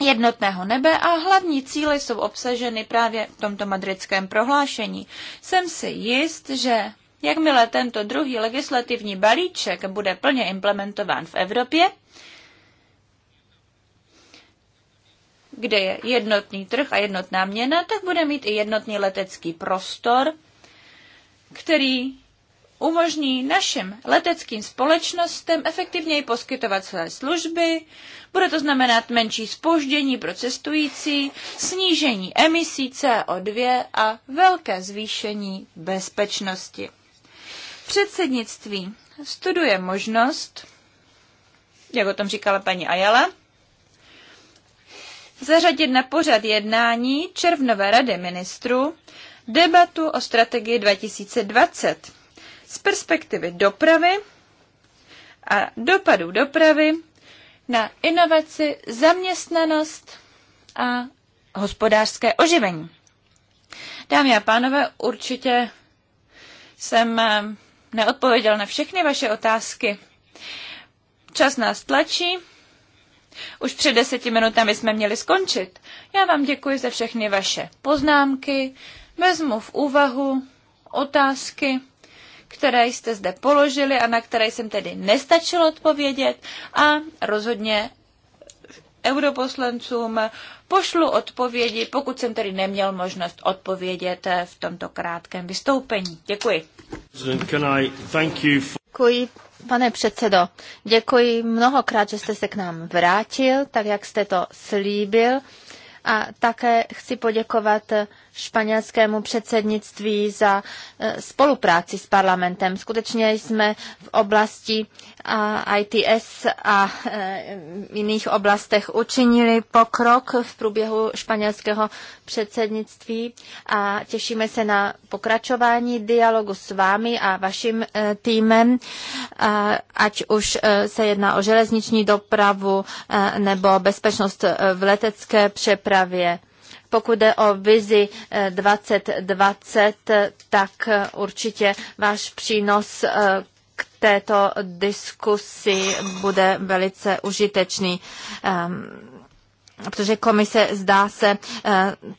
jednotného nebe a hlavní cíle jsou obsaženy právě v tomto madridském prohlášení. Jsem si jist, že Jakmile tento druhý legislativní balíček bude plně implementován v Evropě, kde je jednotný trh a jednotná měna, tak bude mít i jednotný letecký prostor, který umožní našim leteckým společnostem efektivněji poskytovat své služby, bude to znamenat menší spoždění pro cestující, snížení emisí CO2 a velké zvýšení bezpečnosti. Předsednictví studuje možnost, jak o tom říkala paní Ajala, zařadit na pořad jednání červnové rady ministrů debatu o strategii 2020 z perspektivy dopravy a dopadů dopravy na inovaci, zaměstnanost a hospodářské oživení. Dámy a pánové, určitě jsem eh, neodpověděl na všechny vaše otázky. Čas nás tlačí. Už před deseti minutami jsme měli skončit. Já vám děkuji za všechny vaše poznámky. Vezmu v úvahu otázky, které jste zde položili a na které jsem tedy nestačil odpovědět a rozhodně europoslancům pošlu odpovědi, pokud jsem tedy neměl možnost odpovědět v tomto krátkém vystoupení. Děkuji. Děkuji, pane předsedo. Děkuji mnohokrát, že jste se k nám vrátil, tak jak jste to slíbil. A také chci poděkovat španělskému předsednictví za eh, spolupráci s parlamentem. Skutečně jsme v oblasti ITS a eh, jiných oblastech učinili pokrok v průběhu španělského předsednictví a těšíme se na pokračování dialogu s vámi a vaším eh, týmem, ať už se jedná o železniční dopravu nebo bezpečnost v letecké přepravě. Pokud jde o vizi 2020, eh, tak eh, určitě váš přínos eh, k této diskusi bude velice užitečný ehm, protože komise zdá se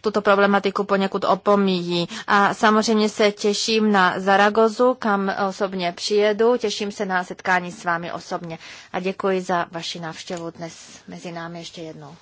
tuto problematiku poněkud opomíjí. A samozřejmě se těším na Zaragozu, kam osobně přijedu, těším se na setkání s vámi osobně a děkuji za vaši návštěvu dnes mezi námi ještě jednou.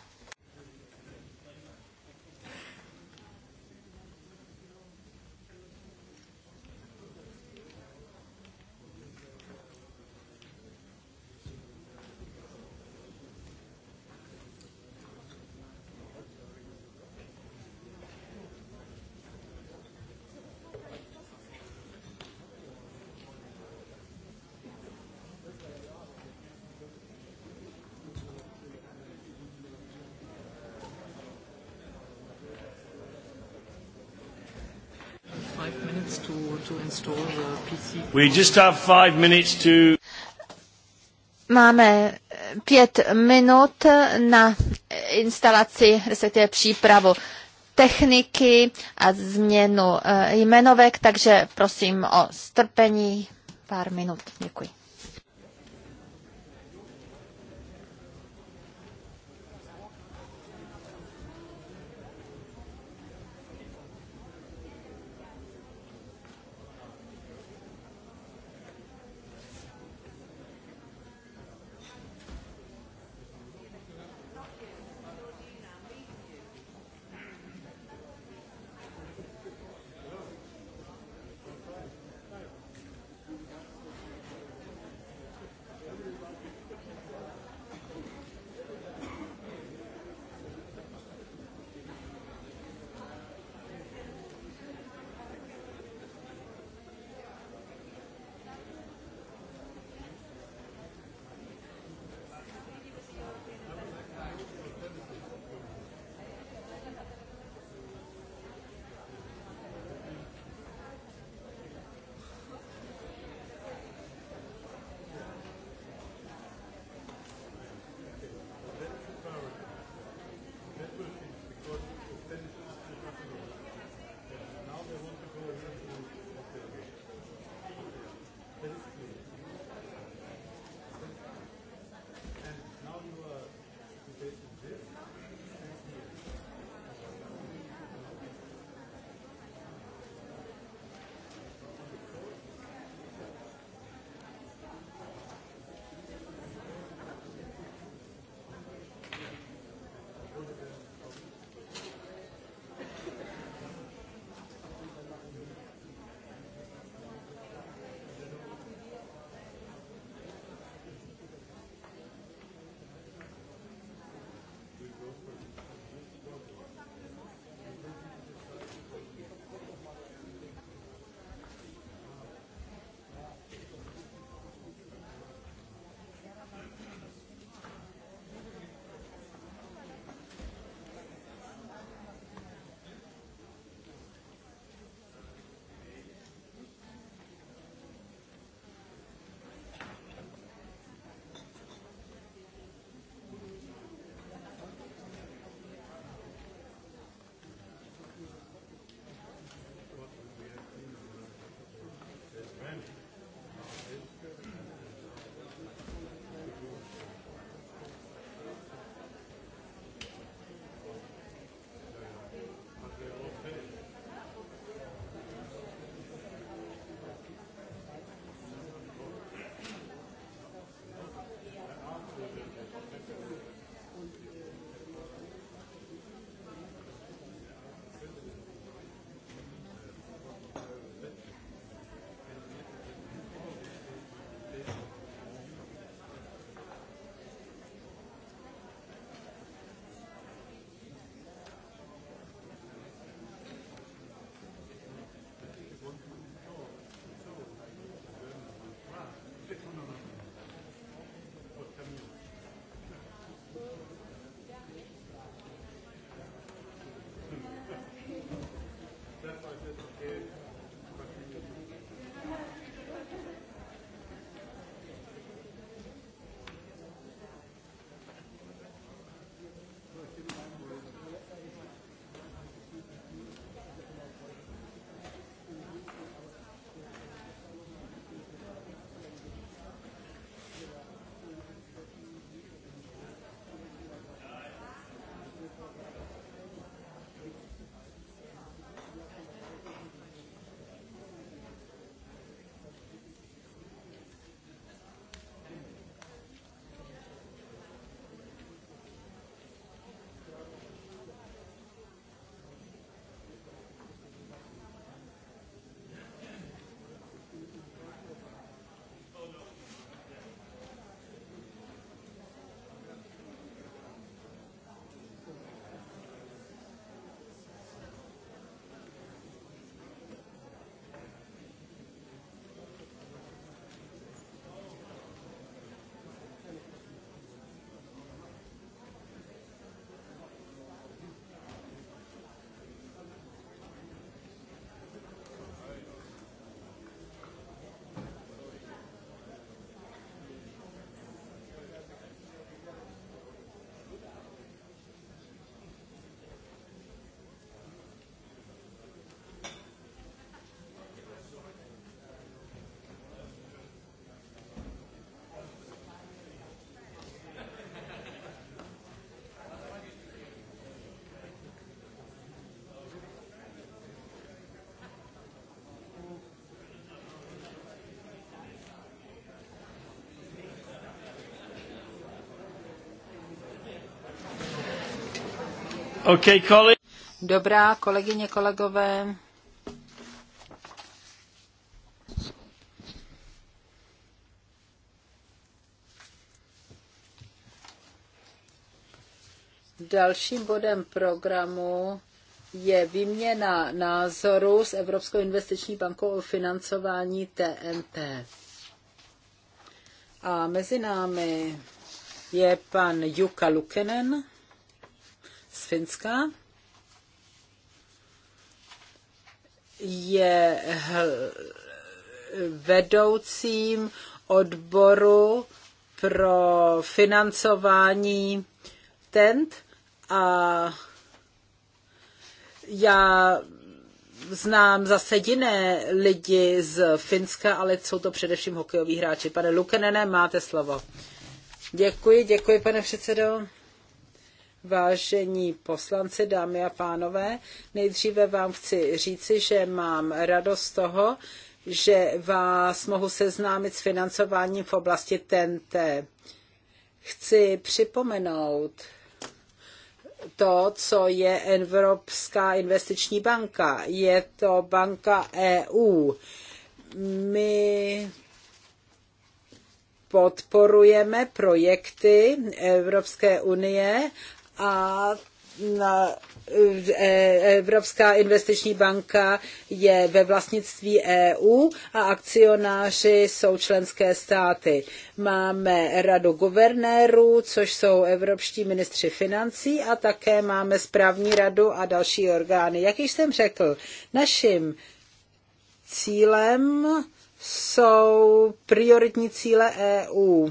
to, to install the PC. We just have five minutes to... Máme eh, pět minut na instalaci, respektive přípravu techniky a změnu eh, jmenovek, takže prosím o strpení pár minut. Děkuji. Okay, kole- Dobrá, kolegyně, kolegové. Dalším bodem programu je výměna názoru s Evropskou investiční bankou o financování TNT. A mezi námi je pan Juka Lukenen, Finska je vedoucím odboru pro financování tent a já znám zase jiné lidi z Finska, ale jsou to především hokejoví hráči. Pane Lukenene, máte slovo. Děkuji, děkuji, pane předsedo. Vážení poslanci, dámy a pánové, nejdříve vám chci říci, že mám radost toho, že vás mohu seznámit s financováním v oblasti TNT. Chci připomenout to, co je Evropská investiční banka. Je to banka EU. My podporujeme projekty Evropské unie a na, e, Evropská investiční banka je ve vlastnictví EU a akcionáři jsou členské státy. Máme radu guvernérů, což jsou evropští ministři financí a také máme správní radu a další orgány. Jak již jsem řekl, naším cílem jsou prioritní cíle EU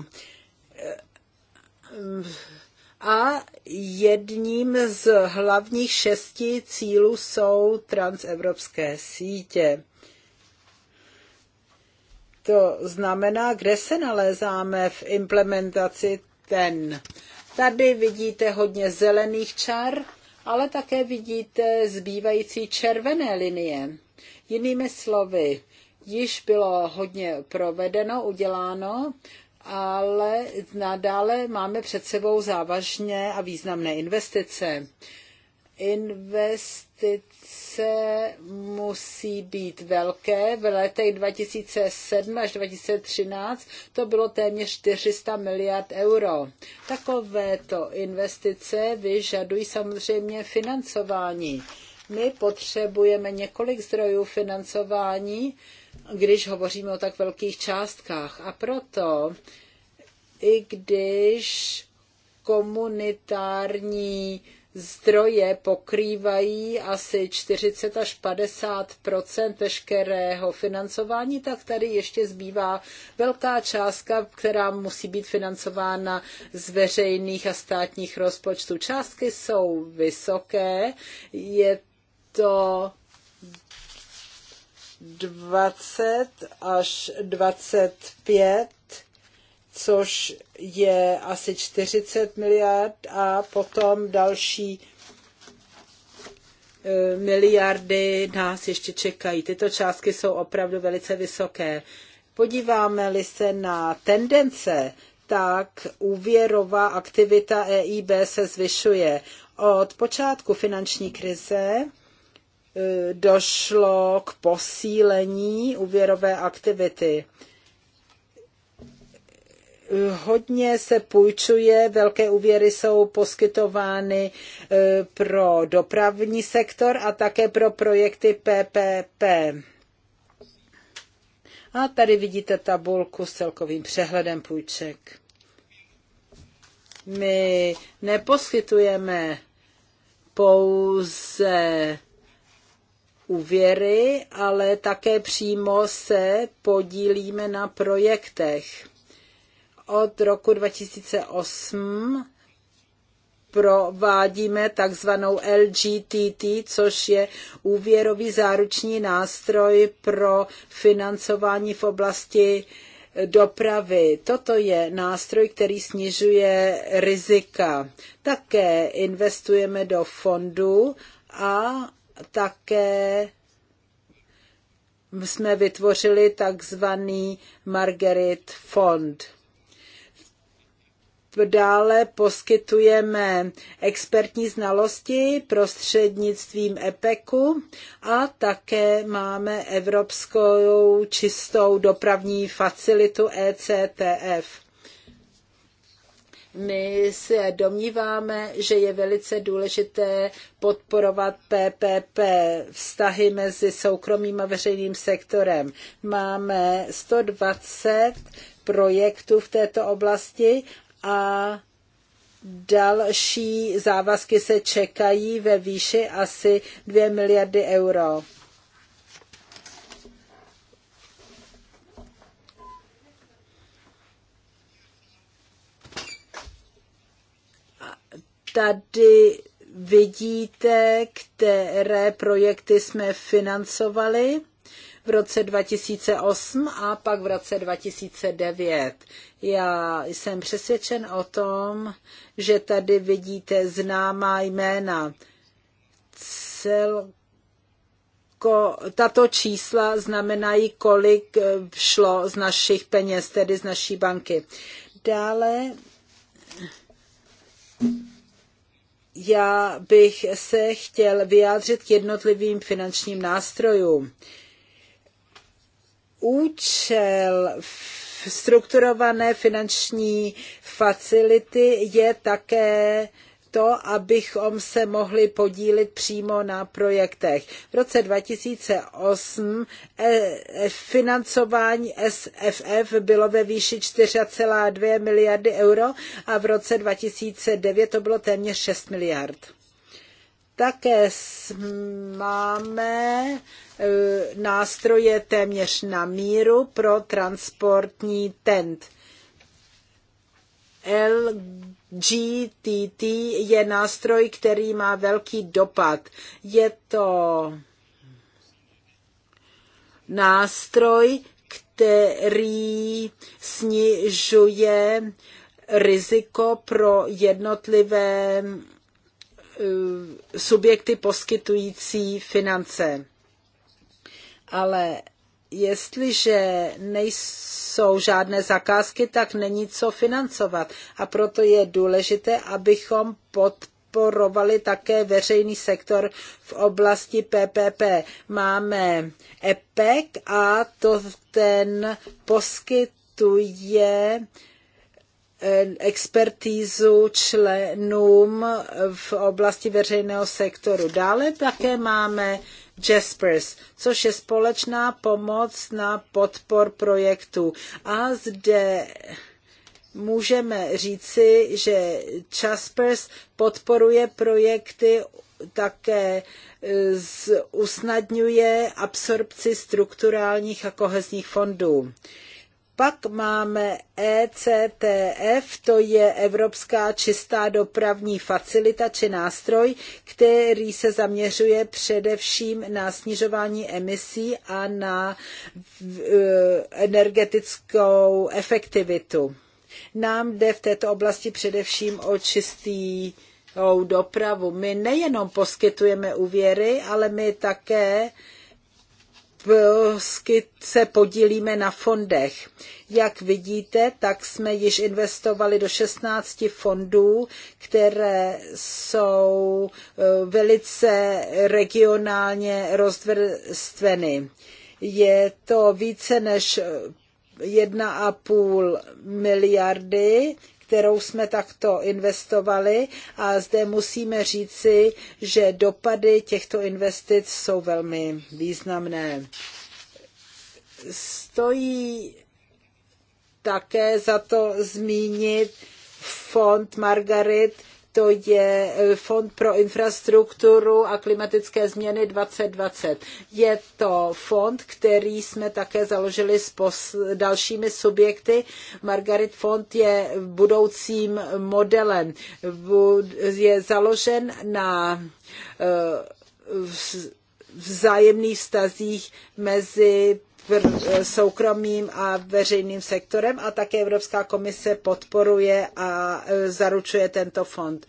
a jedním z hlavních šesti cílů jsou transevropské sítě. To znamená, kde se nalézáme v implementaci ten. Tady vidíte hodně zelených čar, ale také vidíte zbývající červené linie. Jinými slovy, již bylo hodně provedeno, uděláno ale nadále máme před sebou závažné a významné investice. Investice musí být velké. V letech 2007 až 2013 to bylo téměř 400 miliard euro. Takovéto investice vyžadují samozřejmě financování. My potřebujeme několik zdrojů financování, když hovoříme o tak velkých částkách. A proto, i když komunitární zdroje pokrývají asi 40 až 50 veškerého financování, tak tady ještě zbývá velká částka, která musí být financována z veřejných a státních rozpočtů. Částky jsou vysoké, je to 20 až 25, což je asi 40 miliard a potom další e, miliardy nás ještě čekají. Tyto částky jsou opravdu velice vysoké. Podíváme-li se na tendence, tak úvěrová aktivita EIB se zvyšuje. Od počátku finanční krize Eh, došlo k posílení úvěrové aktivity. Hodně se půjčuje, velké úvěry jsou poskytovány eh, pro dopravní sektor a také pro projekty PPP. A tady vidíte tabulku s celkovým přehledem půjček. My neposkytujeme pouze úvěry, ale také přímo se podílíme na projektech. Od roku 2008 provádíme takzvanou LGTT, což je úvěrový záruční nástroj pro financování v oblasti dopravy. Toto je nástroj, který snižuje rizika. Také investujeme do fondů a také jsme vytvořili takzvaný Margaret Fond. Dále poskytujeme expertní znalosti prostřednictvím EPECu a také máme Evropskou čistou dopravní facilitu ECTF. My se domníváme, že je velice důležité podporovat PPP, vztahy mezi soukromým a veřejným sektorem. Máme 120 projektů v této oblasti a další závazky se čekají ve výši asi 2 miliardy euro. Tady vidíte, které projekty jsme financovali v roce 2008 a pak v roce 2009. Já jsem přesvědčen o tom, že tady vidíte známá jména. Celko, Tato čísla znamenají, kolik eh, šlo z našich peněz, tedy z naší banky. Dále já bych se chtěl vyjádřit k jednotlivým finančním nástrojům. Účel strukturované finanční facility je také to, abychom se mohli podílit přímo na projektech. V roce 2008 e, e, financování SFF bylo ve výši 4,2 miliardy euro a v roce 2009 to bylo téměř 6 miliard. Také máme e, nástroje téměř na míru pro transportní tent. GTT je nástroj, který má velký dopad. Je to nástroj, který snižuje riziko pro jednotlivé eh, subjekty poskytující finance. Ale jestliže nejsou žádné zakázky, tak není co financovat. A proto je důležité, abychom podporovali také veřejný sektor v oblasti PPP. Máme EPEC a to ten poskytuje eh, expertízu členům v oblasti veřejného sektoru. Dále také máme Jaspers, což je společná pomoc na podpor projektů. A zde můžeme říci, že Jaspers podporuje projekty také e, usnadňuje absorpci strukturálních a kohezních fondů. Pak máme ECTF, to je Evropská čistá dopravní facilita či nástroj, který se zaměřuje především na snižování emisí a na e, energetickou efektivitu. Nám jde v této oblasti především o čistý dopravu. My nejenom poskytujeme úvěry, ale my také se podílíme na fondech. Jak vidíte, tak jsme již investovali do 16 fondů, které jsou eh, velice regionálně rozvrstveny. Je to více než 1,5 eh, miliardy kterou jsme takto investovali a zde musíme říci, že dopady těchto investic jsou velmi významné. Stojí také za to zmínit fond Margaret, to je eh, Fond pro infrastrukturu a klimatické změny 2020. Je to fond, který jsme také založili s dalšími subjekty. Margaret Fond je budoucím modelem. Je založen na eh, vzájemných vztazích mezi Eh, soukromým a veřejným sektorem a také Evropská komise podporuje a eh, zaručuje tento fond.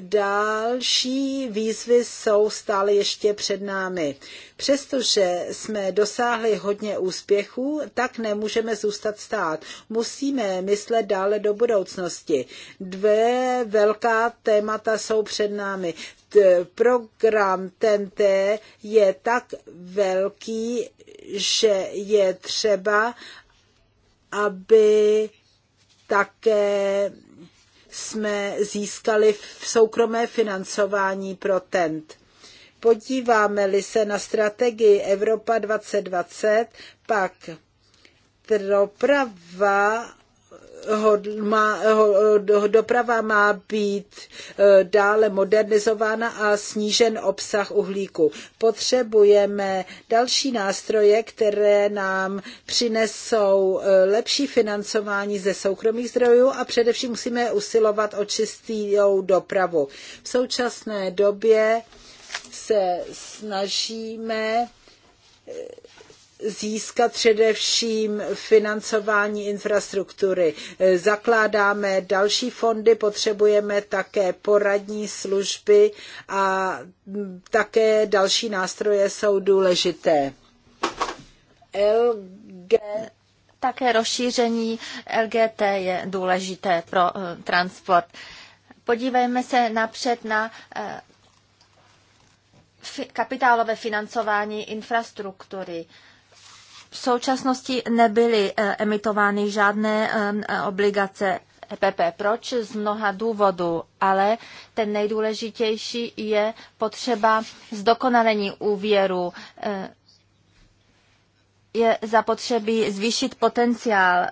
Další výzvy jsou stále ještě před námi. Přestože jsme dosáhli hodně úspěchů, tak nemůžeme zůstat stát. Musíme myslet dále do budoucnosti. Dvě velká témata jsou před námi. Program TNT je tak velký, že je třeba, aby také jsme získali v soukromé financování pro TENT. Podíváme-li se na strategii Evropa 2020, pak troprava má, doprava má být eh, dále modernizována a snížen obsah uhlíku. Potřebujeme další nástroje, které nám přinesou eh, lepší financování ze soukromých zdrojů a především musíme usilovat o čistou dopravu. V současné době se snažíme eh, získat především financování infrastruktury. Zakládáme další fondy, potřebujeme také poradní služby a také další nástroje jsou důležité. LG... Také rozšíření LGT je důležité pro eh, transport. Podívejme se napřed na eh, kapitálové financování infrastruktury v současnosti nebyly eh, emitovány žádné eh, obligace EPP. Proč? Z mnoha důvodů, ale ten nejdůležitější je potřeba zdokonalení úvěru. Eh, je zapotřebí zvýšit potenciál.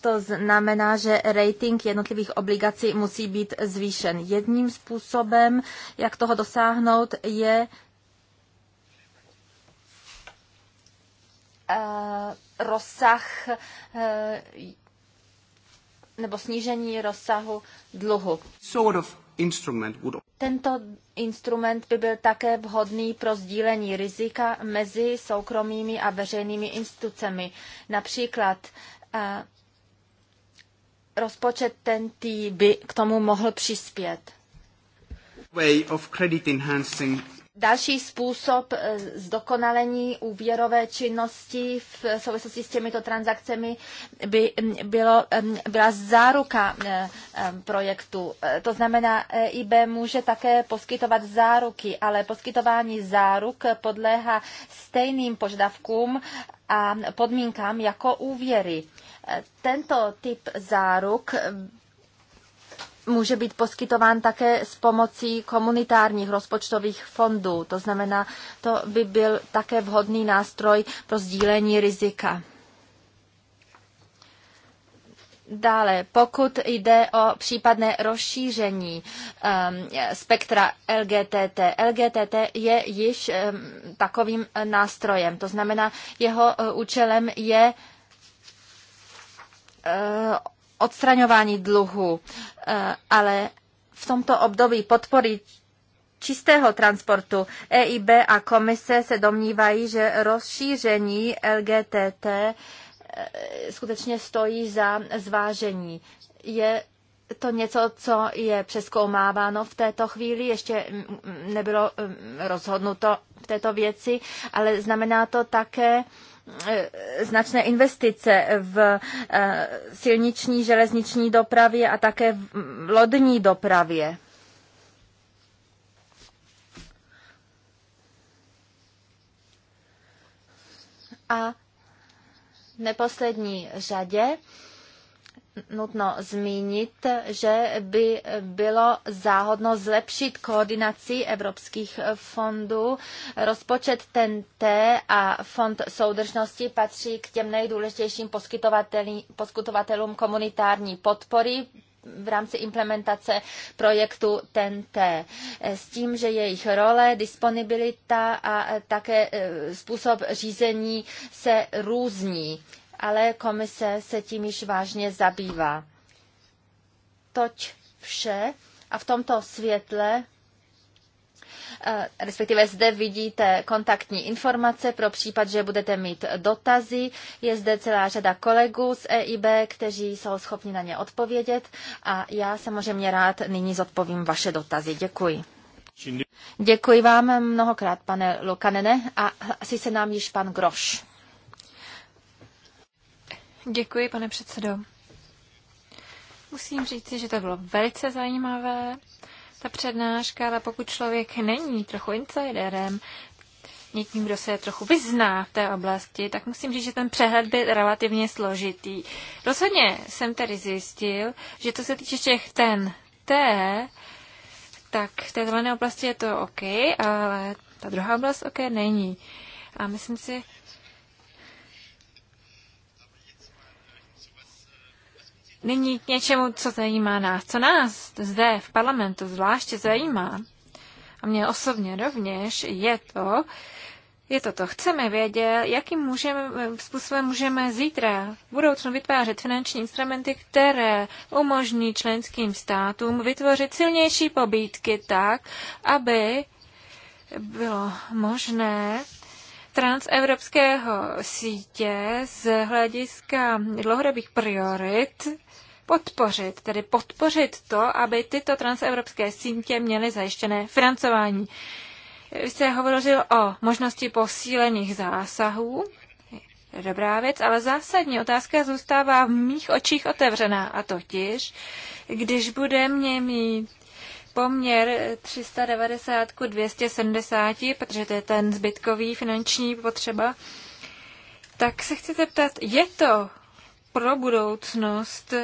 To znamená, že rating jednotlivých obligací musí být zvýšen. Jedním způsobem, jak toho dosáhnout, je Eh, rozsah eh, nebo snížení rozsahu dluhu. Tento instrument by byl také vhodný pro sdílení rizika mezi soukromými a veřejnými institucemi. Například eh, rozpočet ten by k tomu mohl přispět. Way of credit enhancing Další způsob eh, zdokonalení úvěrové činnosti v souvislosti s těmito transakcemi by mm, bylo, mm, byla záruka eh, eh, projektu. To znamená, e IB může také poskytovat záruky, ale poskytování záruk podléhá stejným požadavkům a podmínkám jako úvěry. Tento typ záruk může být poskytován také s pomocí komunitárních rozpočtových fondů. To znamená, to by byl také vhodný nástroj pro sdílení rizika. Dále, pokud jde o případné rozšíření um, spektra LGTT, LGTT je již um, takovým nástrojem. To znamená, jeho uh, účelem je uh, odstraňování dluhu, eh, ale v tomto období podpory čistého transportu EIB a komise se domnívají, že rozšíření LGTT eh, skutečně stojí za zvážení. Je to něco, co je přeskoumáváno v této chvíli, ještě nebylo rozhodnuto v této věci, ale znamená to také e, značné investice v e, silniční, železniční dopravě a také v lodní dopravě. A v neposlední řadě nutno zmínit, že by bylo záhodno zlepšit koordinaci evropských fondů. Rozpočet TNT a Fond soudržnosti patří k těm nejdůležitějším poskytovatelům komunitární podpory v rámci implementace projektu TNT. S tím, že jejich role, disponibilita a také e, způsob řízení se různí ale komise se tím již vážně zabývá. Toť vše a v tomto světle eh, respektive zde vidíte kontaktní informace pro případ, že budete mít dotazy. Je zde celá řada kolegů z EIB, kteří jsou schopni na ně odpovědět a já samozřejmě rád nyní zodpovím vaše dotazy. Děkuji. Děkuji vám mnohokrát, pane Lukanene, a asi se nám již pan Groš. Děkuji, pane předsedo. Musím říct, že to bylo velice zajímavé, ta přednáška, ale pokud člověk není trochu insiderem, někým, kdo se trochu vyzná v té oblasti, tak musím říct, že ten přehled byl relativně složitý. Rozhodně jsem tedy zjistil, že to se týče těch ten T, tak v té zelené oblasti je to OK, ale ta druhá oblast OK není. A myslím si, Nyní k něčemu, co zajímá nás, co nás zde v parlamentu zvláště zajímá, a mě osobně rovněž, je to, je to to. Chceme vědět, jakým můžeme, způsobem můžeme zítra v budoucnu vytvářet finanční instrumenty, které umožní členským státům vytvořit silnější pobídky tak, aby bylo možné transevropského sítě z hlediska dlouhodobých priorit podpořit, tedy podpořit to, aby tyto transevropské sítě měly zajištěné financování. Vy jste hovořil o možnosti posílených zásahů, dobrá věc, ale zásadní otázka zůstává v mých očích otevřená, a totiž, když budeme mít poměr 390 k 270, protože to je ten zbytkový finanční potřeba, tak se chci zeptat, je to pro budoucnost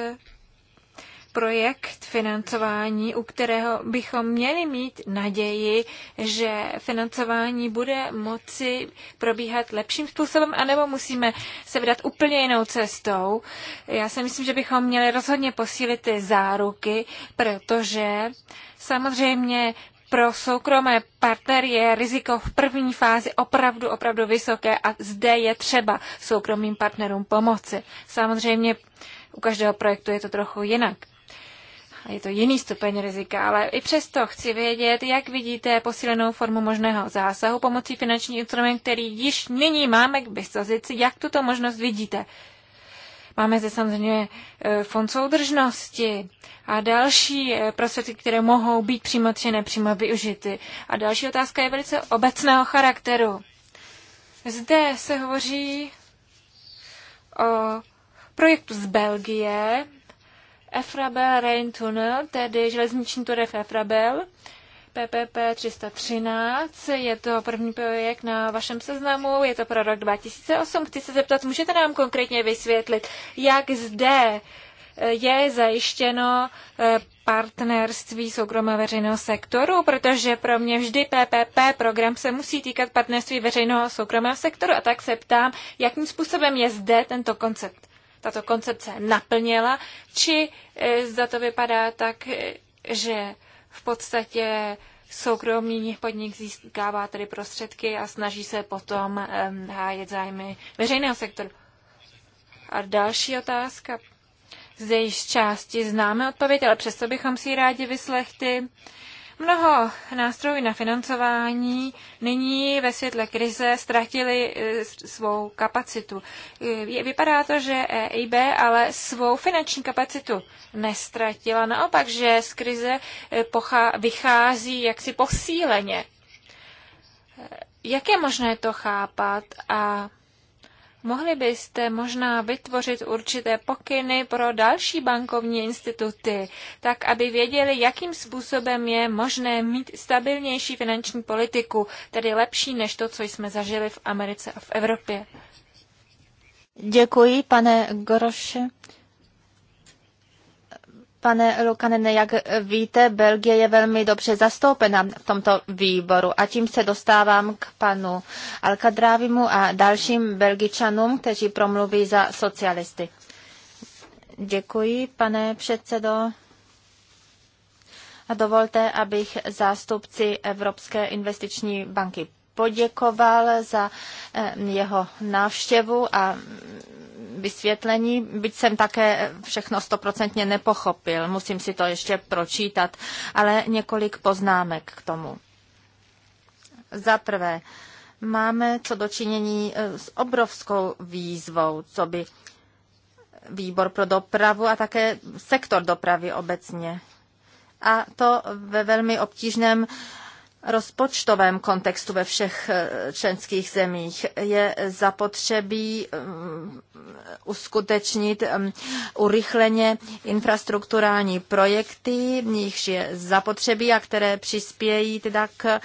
projekt financování, u kterého bychom měli mít naději, že financování bude moci probíhat lepším způsobem, anebo musíme se vydat úplně jinou cestou. Já si myslím, že bychom měli rozhodně posílit ty záruky, protože samozřejmě pro soukromé partnery je riziko v první fázi opravdu, opravdu vysoké a zde je třeba soukromým partnerům pomoci. Samozřejmě u každého projektu je to trochu jinak je to jiný stupeň rizika, ale i přesto chci vědět, jak vidíte posílenou formu možného zásahu pomocí finanční instrument, který již nyní máme k dispozici, jak tuto možnost vidíte. Máme zde samozřejmě e, fond soudržnosti a další e, prostředky, které mohou být přímo či nepřímo využity. A další otázka je velice obecného charakteru. Zde se hovoří o projektu z Belgie, Efrabel Rain Tunnel, tedy železniční turef Efrabel, PPP 313. Je to první projekt na vašem seznamu, je to pro rok 2008. Chci se zeptat, můžete nám konkrétně vysvětlit, jak zde eh, je zajištěno eh, partnerství soukromé veřejného sektoru, protože pro mě vždy PPP program se musí týkat partnerství veřejného a soukromého sektoru a tak se ptám, jakým způsobem je zde tento koncept tato koncepce naplnila, či e, zda to vypadá tak, e, že v podstatě soukromý podnik získává tedy prostředky a snaží se potom hájet zájmy veřejného sektoru. A další otázka. Zde již části známe odpověď, ale přesto bychom si ji rádi vyslechli. Mnoho nástrojů na financování nyní ve světle krize ztratili eh, svou kapacitu. Eh, vypadá to, že EIB ale svou finanční kapacitu nestratila, naopak, že z krize eh, vychází jaksi posíleně. Jak je možné to chápat a Mohli byste možná vytvořit určité pokyny pro další bankovní instituty, tak aby věděli, jakým způsobem je možné mít stabilnější finanční politiku, tedy lepší než to, co jsme zažili v Americe a v Evropě. Děkuji, pane Groše. Pane Lukanene, jak víte, Belgie je velmi dobře zastoupena v tomto výboru a tím se dostávám k panu Alkadrávimu a dalším belgičanům, kteří promluví za socialisty. Děkuji, pane předsedo. A dovolte, abych zástupci Evropské investiční banky poděkoval za eh, jeho návštěvu a vysvětlení, byť jsem také všechno stoprocentně nepochopil, musím si to ještě pročítat, ale několik poznámek k tomu. Za prvé, máme co dočinění e, s obrovskou výzvou, co by výbor pro dopravu a také sektor dopravy obecně. A to ve velmi obtížném uh, rozpočtovém kontextu ve všech eh, členských zemích je zapotřebí mm, uskutečnit mm, urychleně infrastrukturální projekty, v nichž je zapotřebí a které přispějí teda k mm,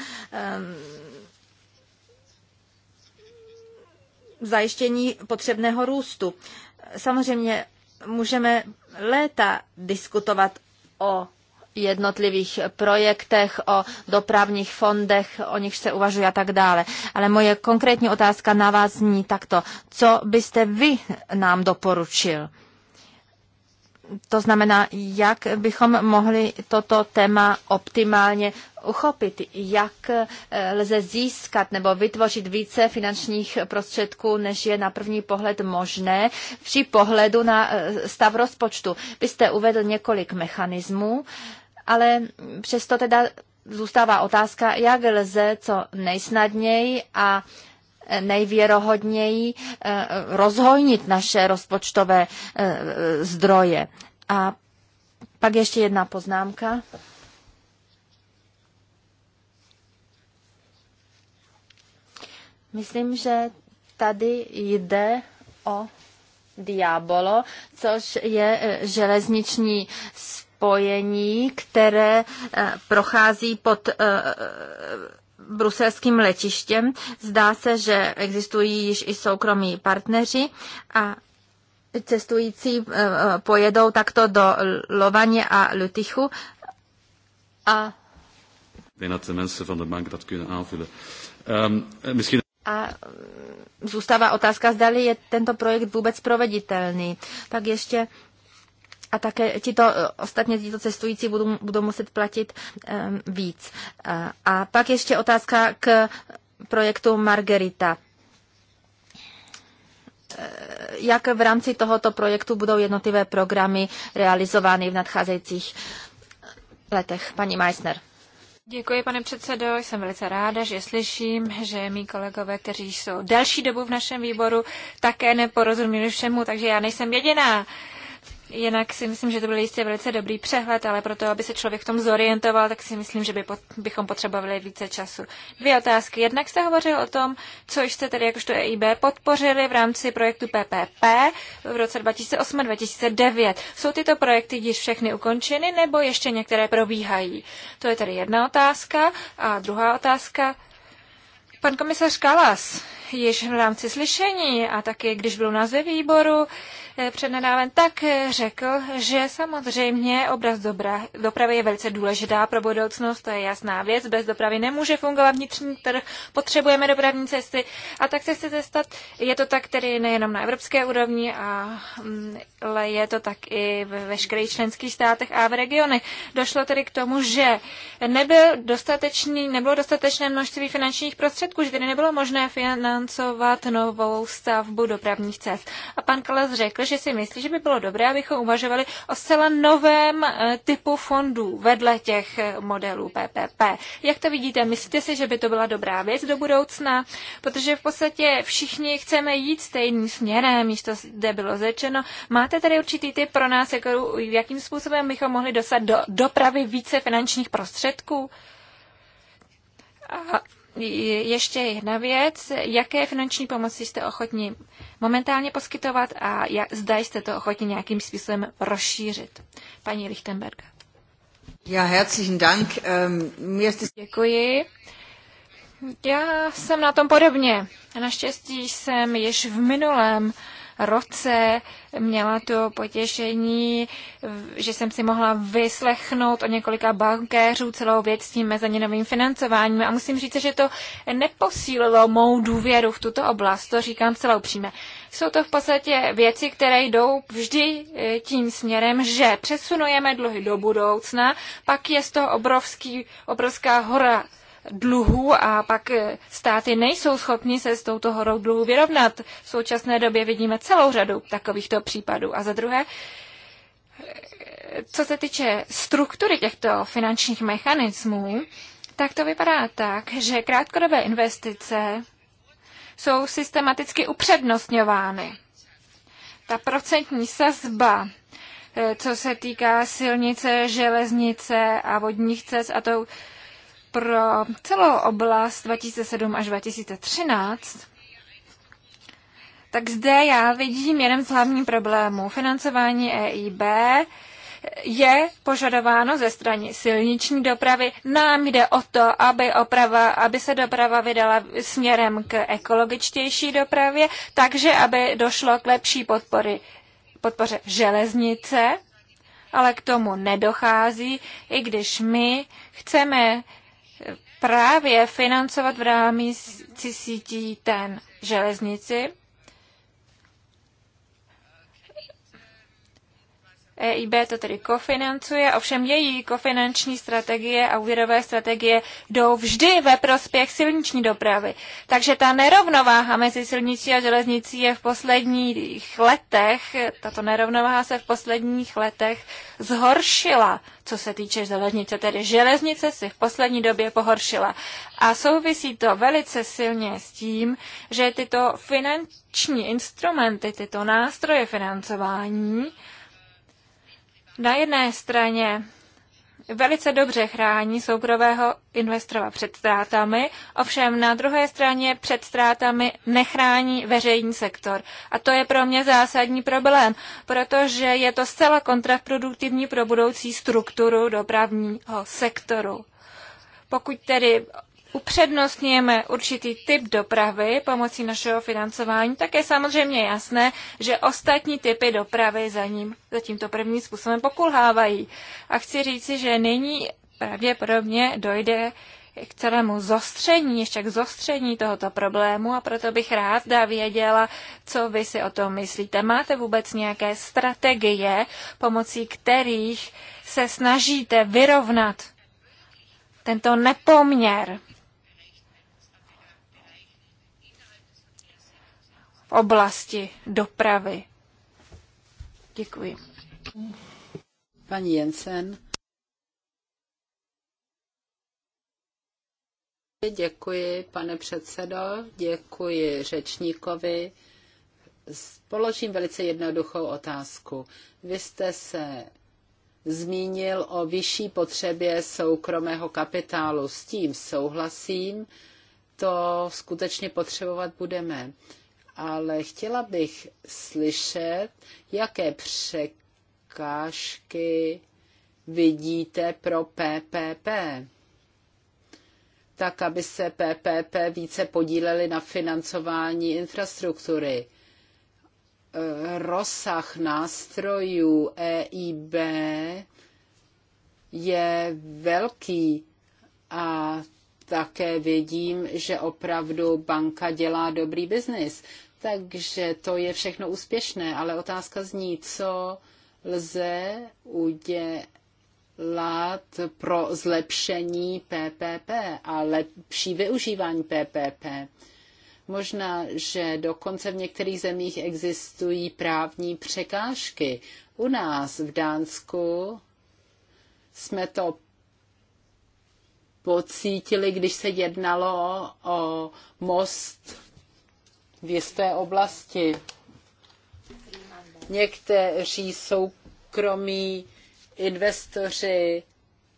zajištění potřebného růstu. Samozřejmě můžeme léta diskutovat o jednotlivých projektech, o dopravních fondech, o nich se uvažuje a tak dále. Ale moje konkrétní otázka na vás zní takto. Co byste vy nám doporučil? To znamená, jak bychom mohli toto téma optimálně uchopit, jak eh, lze získat nebo vytvořit více finančních prostředků, než je na první pohled možné při pohledu na eh, stav rozpočtu. Byste uvedl několik mechanismů, ale přesto teda zůstává otázka, jak lze co nejsnadněji a nejvěrohodněji eh, rozhojnit naše rozpočtové eh, zdroje. A pak ještě jedna poznámka. Myslím, že tady jde o Diabolo, což je eh, železniční spojení, které eh, prochází pod eh, bruselským letištěm. Zdá se, že existují již i soukromí partneři a cestující eh, pojedou takto do Lovaně a Lutichu. a ehm, A mm, zůstává otázka, zda je tento projekt vůbec proveditelný. Tak ještě a také tito, eh, ostatně tito cestující budou, budou muset platit um, víc. Eh, a pak ještě otázka k projektu Margarita. Eh, jak v rámci tohoto projektu budou jednotlivé programy realizovány v nadcházejících letech? Paní Meissner. Děkuji, pane předsedo. Jsem velice ráda, že slyším, že mý kolegové, kteří jsou delší dobu v našem výboru, také neporozuměli všemu, takže já nejsem jediná. Uh, Jinak si myslím, že to byl jistě velice dobrý přehled, ale proto, aby se člověk v tom zorientoval, tak si myslím, že by pot, bychom potřebovali více času. Dvě otázky. Jednak jste hovořil o tom, co jste tedy jakožto EIB podpořili v rámci projektu PPP v roce 2008-2009. Jsou tyto projekty již všechny ukončeny nebo ještě některé probíhají? To je tedy jedna otázka. A druhá otázka. Pan komisař Kalas již v rámci slyšení a taky když byl u nás ve výboru eh, nedávem, tak eh, řekl, že samozřejmě obraz dobra, dopravy je velice důležitá pro budoucnost, to je jasná věc, bez dopravy nemůže fungovat vnitřní trh, potřebujeme dopravní cesty a tak se chce zestat. Je to tak tedy nejenom na evropské úrovni, a, mm, ale je to tak i ve veškerých členských státech a v regionech. Došlo tedy k tomu, že nebyl dostatečný, nebylo dostatečné množství finančních prostředků, že tedy nebylo možné finan financovat novou stavbu dopravních cest. A pan Kalas řekl, že si myslí, že by bylo dobré, abychom uvažovali o zcela novém eh, typu fondů vedle těch eh, modelů PPP. Jak to vidíte? Myslíte si, že by to byla dobrá věc do budoucna? Protože v podstatě všichni chceme jít stejným směrem, již to zde bylo řečeno. Máte tady určitý typ pro nás, jako, jakým způsobem bychom mohli dostat do dopravy více finančních prostředků? ještě jedna věc, jaké finanční pomoci jste ochotni momentálně poskytovat a jak, zda jste to ochotni nějakým způsobem rozšířit. Paní Lichtenberga. Já herzlichen Dank. Ähm, Děkuji. Já jsem na tom podobně. Naštěstí jsem již v minulém roce. Měla to potěšení, že jsem si mohla vyslechnout o několika bankéřů celou věc s tím mezaninovým financováním a musím říct, že to neposílilo mou důvěru v tuto oblast, to říkám celou upřímně. Jsou to v podstatě věci, které jdou vždy e, tím směrem, že přesunujeme dluhy do budoucna, pak je z toho obrovský, obrovská hora dluhů a pak eh, státy nejsou schopni se s touto horou dluhů vyrovnat. V současné době vidíme celou řadu takovýchto případů. A za druhé, co se týče struktury těchto finančních mechanismů, tak to vypadá tak, že krátkodobé investice jsou systematicky upřednostňovány. Ta procentní sazba, eh, co se týká silnice, železnice a vodních cest a to pro celou oblast 2007 až 2013, tak zde já vidím jeden z hlavních problémů. Financování EIB je požadováno ze strany silniční dopravy. Nám jde o to, aby, oprava, aby se doprava vydala směrem k ekologičtější dopravě, takže aby došlo k lepší podpory, podpoře železnice, ale k tomu nedochází, i když my chceme právě financovat v rámci sítí ten železnici EIB to tedy kofinancuje, ovšem její kofinanční strategie a úvěrové strategie jdou vždy ve prospěch silniční dopravy. Takže ta nerovnováha mezi silnicí a železnicí je v posledních letech, tato nerovnováha se v posledních letech zhoršila, co se týče železnice, tedy železnice si v poslední době pohoršila. A souvisí to velice silně s tím, že tyto finanční instrumenty, tyto nástroje financování, na jedné straně velice dobře chrání soukromého investora před ztrátami, ovšem na druhé straně před ztrátami nechrání veřejný sektor. A to je pro mě zásadní problém, protože je to zcela kontraproduktivní pro budoucí strukturu dopravního sektoru. Pokud tedy upřednostňujeme určitý typ dopravy pomocí našeho financování, tak je samozřejmě jasné, že ostatní typy dopravy za, ním, za tímto prvním způsobem pokulhávají. A chci říci, že nyní pravděpodobně dojde k celému zostření, ještě k zostření tohoto problému a proto bych rád dá věděla, co vy si o tom myslíte. Máte vůbec nějaké strategie, pomocí kterých se snažíte vyrovnat tento nepoměr v oblasti dopravy. Děkuji. Paní Jensen. Děkuji, pane předsedo, děkuji řečníkovi. Položím velice jednoduchou otázku. Vy jste se zmínil o vyšší potřebě soukromého kapitálu. S tím souhlasím, to skutečně potřebovat budeme ale chtěla bych slyšet, jaké překážky vidíte pro PPP, tak aby se PPP více podíleli na financování infrastruktury. Rozsah nástrojů EIB je velký a také vidím, že opravdu banka dělá dobrý biznis. Takže to je všechno úspěšné, ale otázka zní, co lze udělat pro zlepšení PPP a lepší využívání PPP. Možná, že dokonce v některých zemích existují právní překážky. U nás v Dánsku jsme to pocítili, když se jednalo o most v jisté oblasti. Někteří soukromí investoři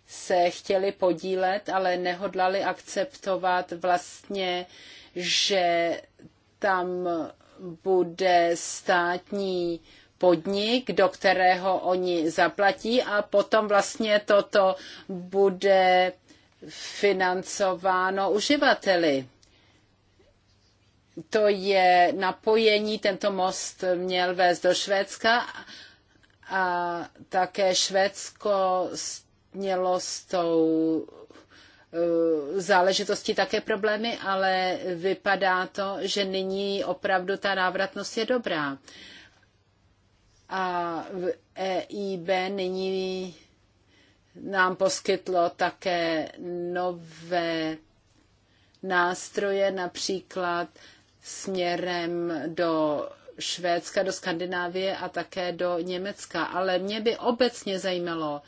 se chtěli podílet, ale nehodlali akceptovat vlastně, že tam bude státní podnik, do kterého oni zaplatí a potom vlastně toto bude financováno uživateli to je napojení, tento most měl vést do Švédska a také Švédsko mělo s tou eh, záležitostí také problémy, ale vypadá to, že nyní opravdu ta návratnost je dobrá. A v EIB nyní nám poskytlo také nové nástroje, například směrem do Švédska, do Skandinávie a také do Německa. Ale mě by obecně zajímalo,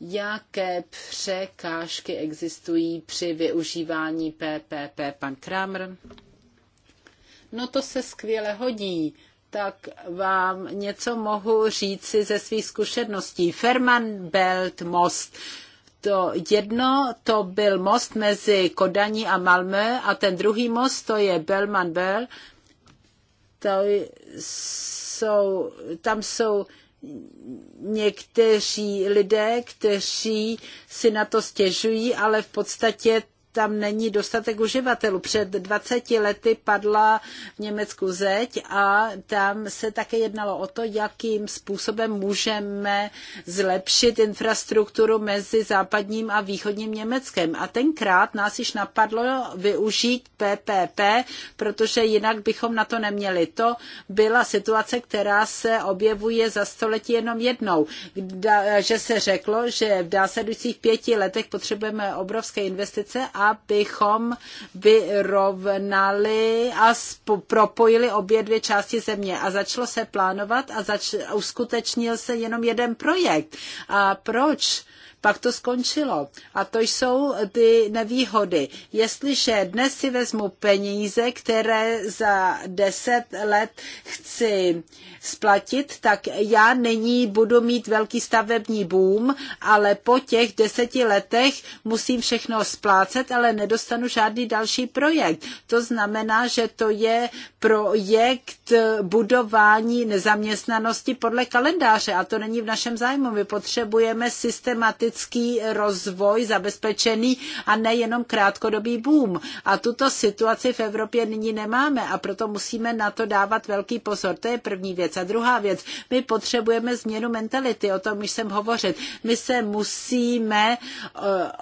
jaké překážky existují při využívání PPP. Pan Kramer? No to se skvěle hodí, tak vám něco mohu říci ze svých zkušeností. Ferman Belt Most to jedno to byl most mezi Kodaní a Malmö a ten druhý most to je Belmanbel. To jsou, tam jsou někteří lidé, kteří si na to stěžují, ale v podstatě tam není dostatek uživatelů. Před 20 lety padla v Německu zeď a tam se také jednalo o to, jakým způsobem můžeme zlepšit infrastrukturu mezi západním a východním Německem. A tenkrát nás již napadlo využít PPP, protože jinak bychom na to neměli. To byla situace, která se objevuje za století jenom jednou, že se řeklo, že v následujících pěti letech potřebujeme obrovské investice a abychom vyrovnali a propojili obě dvě části země. A začalo se plánovat a zač- uskutečnil se jenom jeden projekt. A proč? pak to skončilo. A to jsou ty nevýhody. Jestliže dnes si vezmu peníze, které za deset let chci splatit, tak já nyní budu mít velký stavební boom, ale po těch deseti letech musím všechno splácet, ale nedostanu žádný další projekt. To znamená, že to je projekt budování nezaměstnanosti podle kalendáře a to není v našem zájmu. My potřebujeme systematicky ekonomický rozvoj zabezpečený a nejenom krátkodobý boom. A tuto situaci v Evropě nyní nemáme a proto musíme na to dávat velký pozor. To je první věc. A druhá věc, my potřebujeme změnu mentality, o tom už jsem hovořit. My se musíme eh,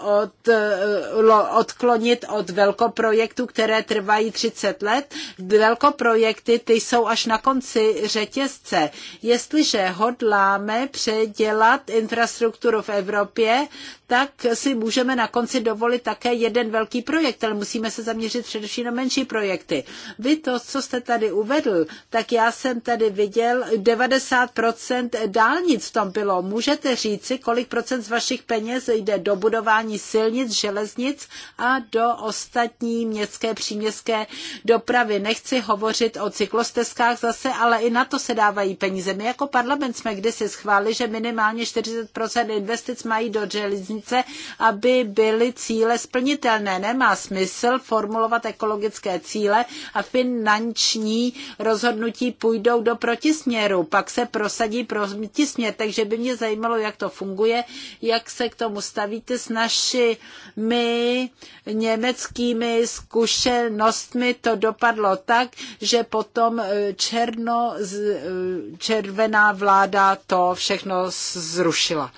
od, eh, odklonit od velkoprojektů, které trvají 30 let. Velkoprojekty, ty jsou až na konci řetězce. Jestliže hodláme předělat infrastrukturu v Evropě, Evropě, tak si můžeme na konci dovolit také jeden velký projekt, ale musíme se zaměřit především na menší projekty. Vy to, co jste tady uvedl, tak já jsem tady viděl 90% dálnic v tom bylo. Můžete říci, kolik procent z vašich peněz jde do budování silnic, železnic a do ostatní městské příměstské dopravy. Nechci hovořit o cyklostezkách zase, ale i na to se dávají peníze. My jako parlament jsme kdysi schválili, že minimálně 40% investic mají do železnic prosince, aby byly cíle splnitelné. Nemá smysl formulovat ekologické cíle a finanční rozhodnutí půjdou do protisměru. Pak se prosadí protisměr, takže by mě zajímalo, jak to funguje, jak se k tomu stavíte s našimi německými zkušenostmi. To dopadlo tak, že potom eh, černo, eh, červená vláda to všechno zrušila.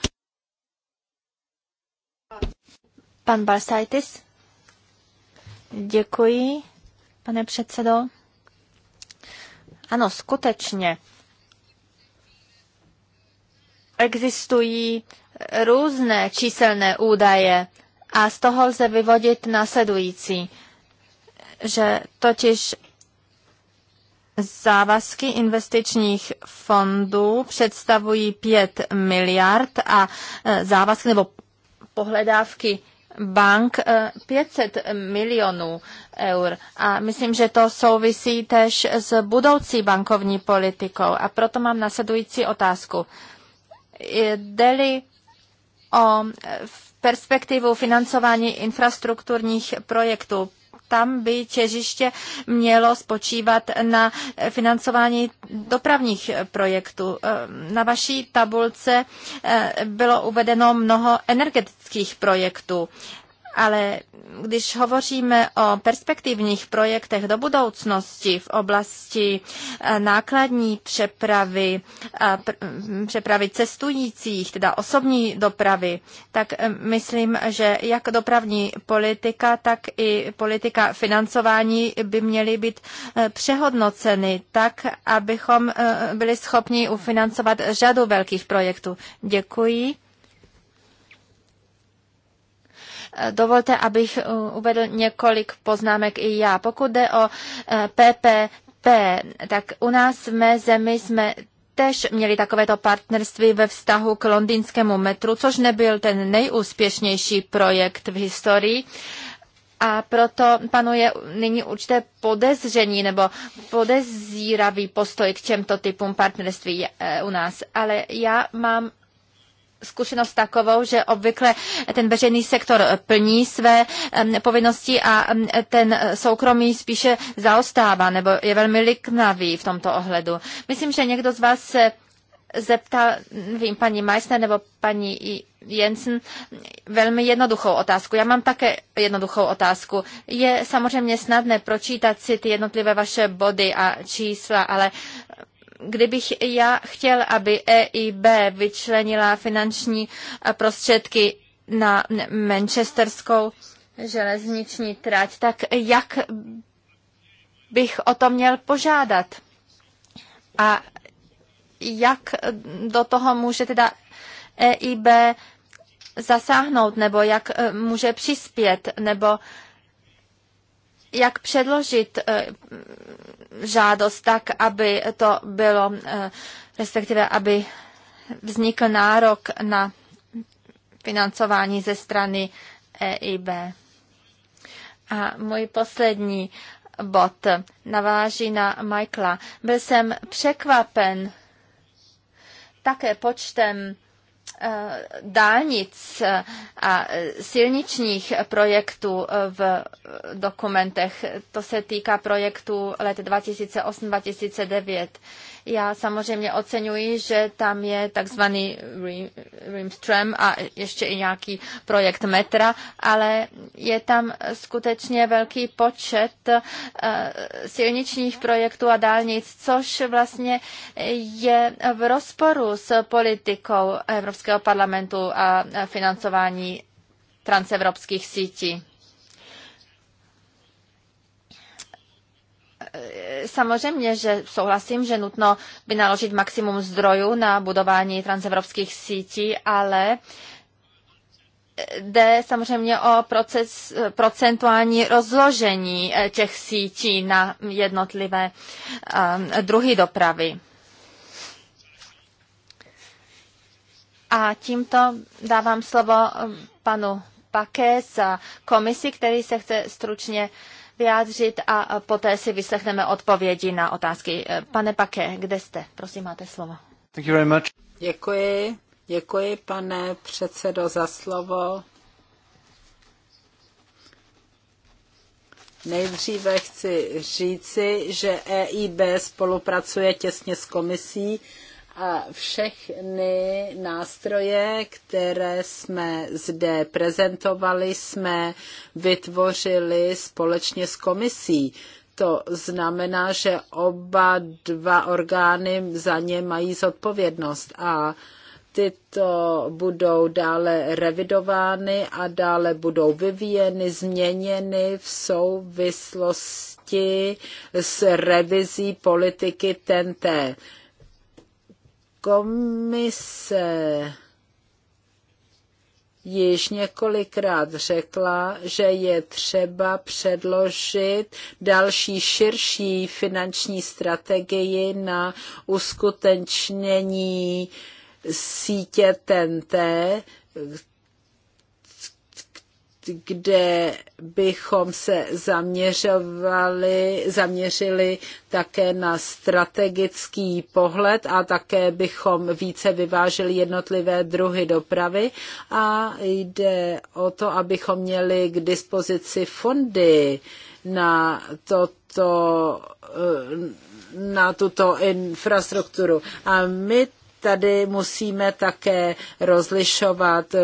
Pan Balsaitis. Děkuji, pane předsedo. Ano, skutečně. Existují různé číselné údaje a z toho lze vyvodit následující, že totiž Závazky investičních fondů představují 5 miliard a e, závazky nebo pohledávky bank 500 eh, milionů eur. A myslím, že to souvisí tež s budoucí bankovní politikou. A proto mám nasledující otázku. Jde-li o eh, perspektivu financování infrastrukturních projektů tam by těžiště mělo spočívat na financování dopravních projektů. Eh, na vaší tabulce eh, bylo uvedeno mnoho energetických projektů. Ale když hovoříme o perspektivních projektech do budoucnosti v oblasti eh, nákladní přepravy, eh, mm, přepravy cestujících, teda osobní dopravy, tak eh, myslím, že jak dopravní politika, tak i politika financování by měly být přehodnoceny tak, abychom byli schopni ufinancovat řadu velkých projektů. Děkuji. Dovolte, abych eh, uvedl několik poznámek i já. Pokud jde o PPP, eh, tak u nás v mé zemi jsme tež měli takovéto partnerství ve vztahu k londýnskému metru, což nebyl ten nejúspěšnější projekt v historii a proto panuje nyní určité podezření nebo podezíravý postoj k těmto typům partnerství eh, u nás. Ale já mám zkušenost takovou, že obvykle ten veřejný sektor plní své povinnosti a ten soukromý spíše zaostává nebo je velmi liknavý v tomto ohledu. Myslím, že někdo z vás se zeptal, vím, paní Majsner nebo paní Jensen, velmi jednoduchou otázku. Já mám také jednoduchou otázku. Je samozřejmě snadné pročítat si ty jednotlivé vaše body a čísla, ale kdybych já chtěl, aby EIB vyčlenila finanční prostředky na manchesterskou železniční trať, tak jak bych o to měl požádat? A jak do toho může teda EIB zasáhnout, nebo jak e, může přispět, nebo jak předložit eh, žádost tak, aby to bylo, eh, respektive aby vznikl nárok na financování ze strany EIB. A můj poslední bod naváží na Michaela. Byl jsem překvapen také počtem Eh, dálnic eh, a eh, silničních projektů v dokumentech. To se týká projektu let 2008-2009. Já samozřejmě oceňuji, že tam je takzvaný Rimström a ještě i nějaký projekt metra, ale je tam skutečně velký počet eh, silničních projektů a dálnic, což vlastně je v rozporu s politikou Evropského parlamentu a financování transevropských sítí. samozřejmě, že souhlasím, že nutno by naložit maximum zdrojů na budování transevropských sítí, ale jde samozřejmě o proces, procentuální rozložení eh, těch sítí na jednotlivé eh, druhy dopravy. A tímto dávám slovo eh, panu Pake za komisi, který se chce stručně vyjádřit a poté si vyslechneme odpovědi na otázky. Pane Pake, kde jste? Prosím, máte slovo. Thank you very much. Děkuji. Děkuji, pane předsedo, za slovo. Nejdříve chci říci, že EIB spolupracuje těsně s komisí a všechny nástroje, které jsme zde prezentovali, jsme vytvořili společně s komisí. To znamená, že oba dva orgány za ně mají zodpovědnost a tyto budou dále revidovány a dále budou vyvíjeny, změněny v souvislosti s revizí politiky TENTE. Komise již několikrát řekla, že je třeba předložit další širší finanční strategii na uskutečnění sítě TNT, kde bychom se zaměřovali, zaměřili také na strategický pohled a také bychom více vyvážili jednotlivé druhy dopravy a jde o to, abychom měli k dispozici fondy na toto eh, na tuto infrastrukturu. A my tady musíme také rozlišovat eh,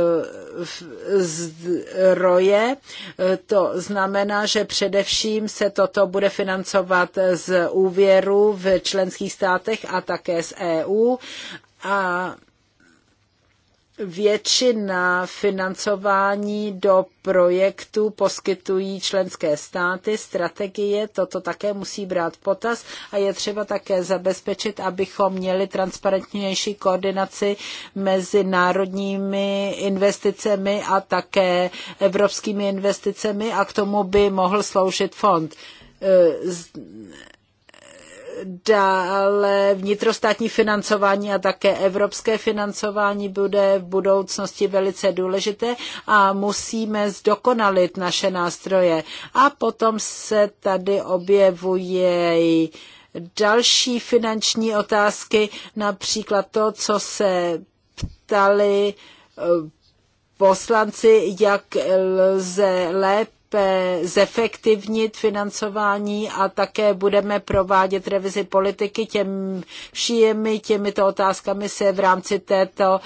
zdroje. Eh, to znamená, že především se toto bude financovat z úvěru v členských státech a také z EU. A Většina financování do projektů poskytují členské státy, strategie, toto také musí brát potaz a je třeba také zabezpečit, abychom měli transparentnější koordinaci mezi národními investicemi a také evropskými investicemi a k tomu by mohl sloužit fond e, dále vnitrostátní financování a také evropské financování bude v budoucnosti velice důležité a musíme zdokonalit naše nástroje. A potom se tady objevuje další finanční otázky, například to, co se ptali eh, poslanci, jak lze lépe lépe zefektivnit financování a také budeme provádět revizi politiky těm všími těmito otázkami se v rámci této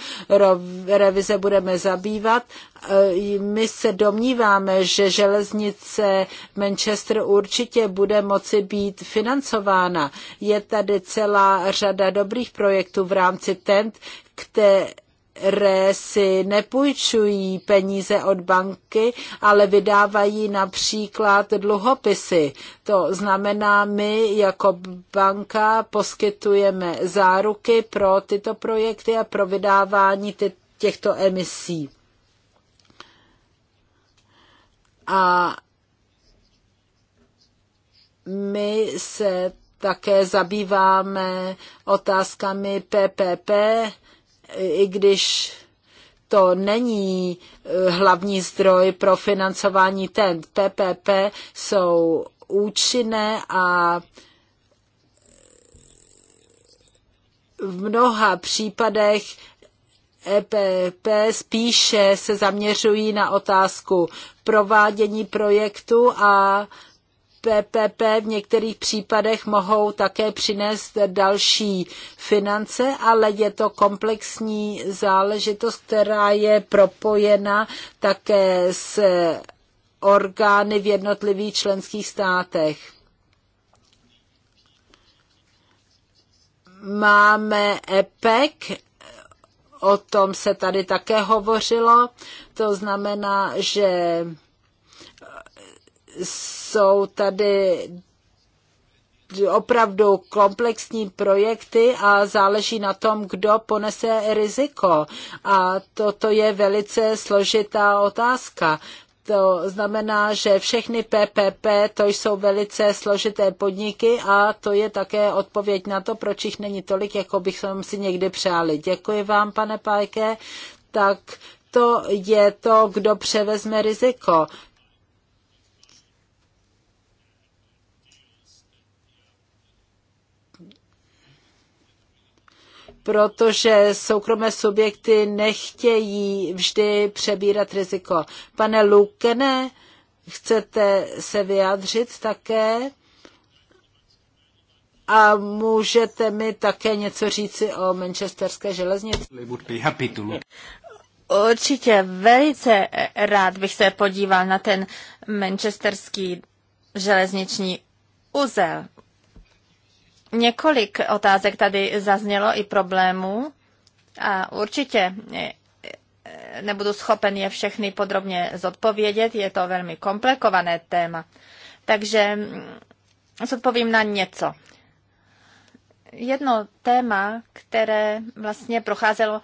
revize budeme zabývat. E, my se domníváme, že železnice Manchester určitě bude moci být financována. Je tady celá řada dobrých projektů v rámci TENT, které které si nepůjčují peníze od banky, ale vydávají například dluhopisy. To znamená, my jako banka poskytujeme záruky pro tyto projekty a pro vydávání těchto emisí. A my se také zabýváme otázkami PPP, i když to není e, hlavní zdroj pro financování TENT. PPP jsou účinné a v mnoha případech EPP spíše se zaměřují na otázku provádění projektu a PPP v některých případech mohou také přinést další finance, ale je to komplexní záležitost, která je propojena také s orgány v jednotlivých členských státech. Máme EPEC, o tom se tady také hovořilo, to znamená, že jsou tady opravdu komplexní projekty a záleží na tom, kdo ponese riziko. A toto je velice složitá otázka. To znamená, že všechny PPP to jsou velice složité podniky a to je také odpověď na to, proč jich není tolik, jako bychom si někdy přáli. Děkuji vám, pane Pajke. Tak to je to, kdo převezme riziko. protože soukromé subjekty nechtějí vždy přebírat riziko. Pane Lukene, chcete se vyjádřit také? A můžete mi také něco říci o manchesterské železnici? Určitě velice rád bych se podíval na ten manchesterský železniční uzel. Několik otázek tady zaznělo i problémů a určitě e, e, nebudu schopen je všechny podrobně zodpovědět, je to velmi komplikované téma. Takže mm, zodpovím na něco. Jedno téma, které vlastně procházelo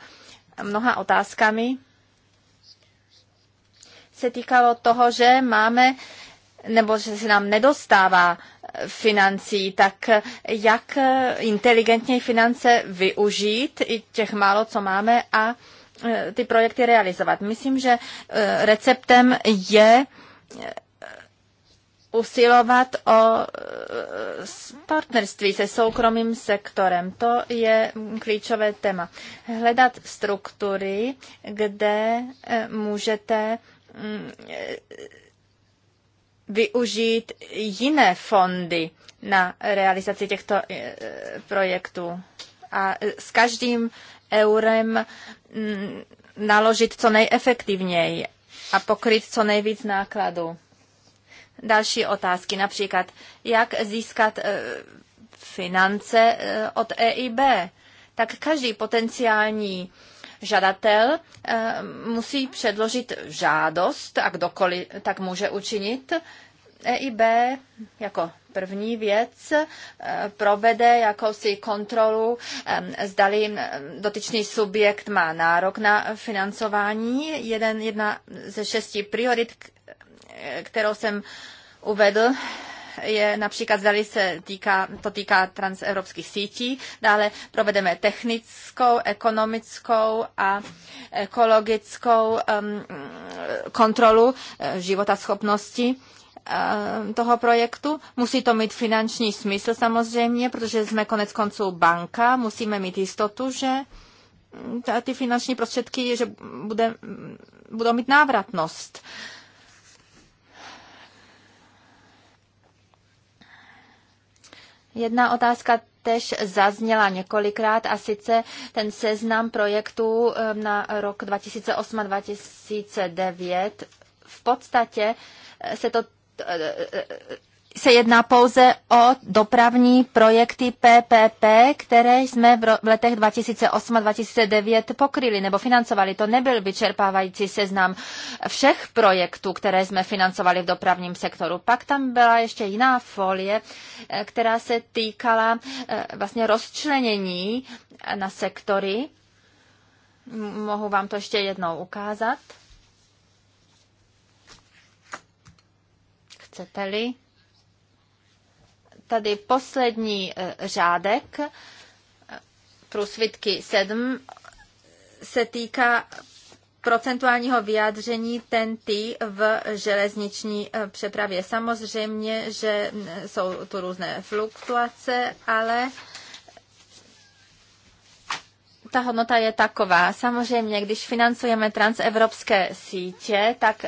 mnoha otázkami, se týkalo toho, že máme nebo že se nám nedostává financí, tak jak inteligentně finance využít, i těch málo, co máme, a e, ty projekty realizovat. Myslím, že e, receptem je e, usilovat o partnerství se soukromým sektorem. To je klíčové téma. Hledat struktury, kde můžete mm, využít jiné fondy na realizaci těchto eh, projektů a eh, s každým eurem mm, naložit co nejefektivněji a pokryt co nejvíc nákladů. Další otázky, například, jak získat eh, finance od EIB, tak každý potenciální žadatel eh, musí předložit žádost a kdokoliv tak může učinit. EIB jako první věc eh, provede jakousi kontrolu, eh, zdali dotyčný subjekt má nárok na financování. Jeden, jedna ze šesti priorit, kterou jsem uvedl, je například, zdali se týká, to týká transevropských sítí. Dále provedeme technickou, ekonomickou a ekologickou um, kontrolu eh, života schopnosti eh, toho projektu. Musí to mít finanční smysl samozřejmě, protože jsme konec konců banka, musíme mít jistotu, že mm, ty finanční prostředky, že bude, mm, budou mít návratnost. Uh, Jedna otázka tež zazněla několikrát a sice ten seznam projektů eh, na rok 2008 a 2009. V podstatě eh, se to eh, se jedná pouze o dopravní projekty PPP, které jsme v letech 2008 a 2009 pokryli nebo financovali. To nebyl vyčerpávající seznam všech projektů, které jsme financovali v dopravním sektoru. Pak tam byla ještě jiná folie, eh, která se týkala eh, vlastně rozčlenění eh, na sektory. Mohu vám to ještě jednou ukázat. Chcete-li? tady poslední eh, řádek eh, průsvitky 7 se týká procentuálního vyjádření TNT v železniční eh, přepravě. Samozřejmě, že jsou tu různé fluktuace, ale ta hodnota je taková. Samozřejmě, když financujeme transevropské sítě, tak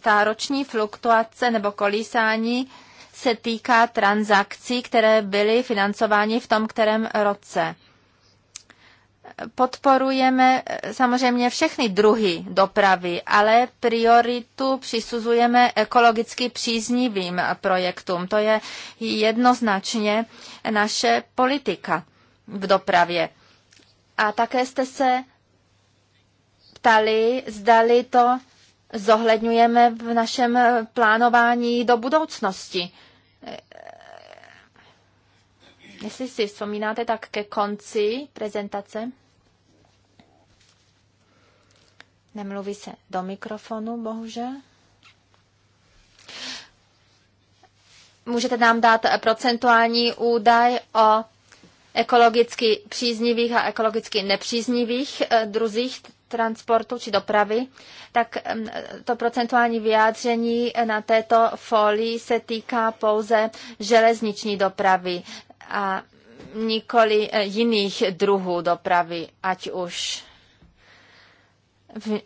ta roční fluktuace nebo kolísání se týká transakcí, které byly financovány v tom kterém roce. Podporujeme eh, samozřejmě všechny druhy dopravy, ale prioritu přisuzujeme ekologicky příznivým projektům. To je jednoznačně naše politika v dopravě. A také jste se ptali, zdali to zohledňujeme v našem eh, plánování do budoucnosti. Jestli si vzpomínáte, tak ke konci prezentace nemluví se do mikrofonu, bohužel. Můžete nám dát procentuální údaj o ekologicky příznivých a ekologicky nepříznivých eh, druzích transportu či dopravy, tak to procentuální vyjádření eh, na této folii se týká pouze železniční dopravy a nikoli e, jiných druhů dopravy, ať už v, e,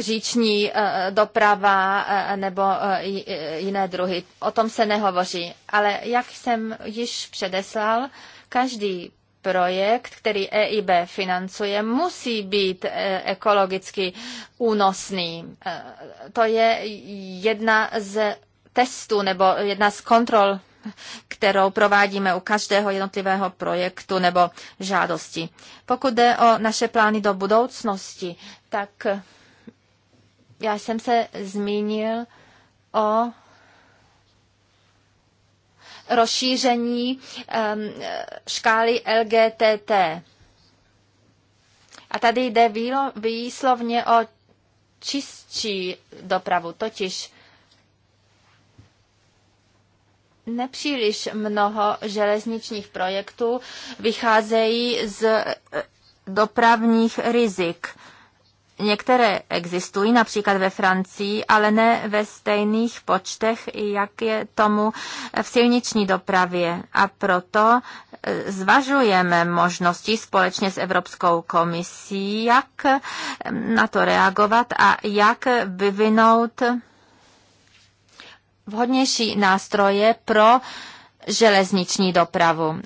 říční e, doprava nebo jiné druhy. O tom se nehovoří. Ale jak jsem již předeslal, každý projekt, který EIB financuje, musí být ekologicky únosný. To je jedna z testů nebo jedna z kontrol kterou provádíme u každého jednotlivého projektu nebo žádosti. Pokud jde o naše plány do budoucnosti, tak já jsem se zmínil o rozšíření ehm, škály LGTT. A tady jde výslovně o čistší dopravu, totiž nepříliš mnoho železničních projektů vycházejí z e, dopravních rizik. Některé existují, například ve Francii, ale ne ve stejných počtech, jak je tomu v silniční dopravě. A proto e, zvažujeme možnosti společně s Evropskou komisí, jak e, na to reagovat a jak vyvinout vhodnější nástroje pro železniční dopravu.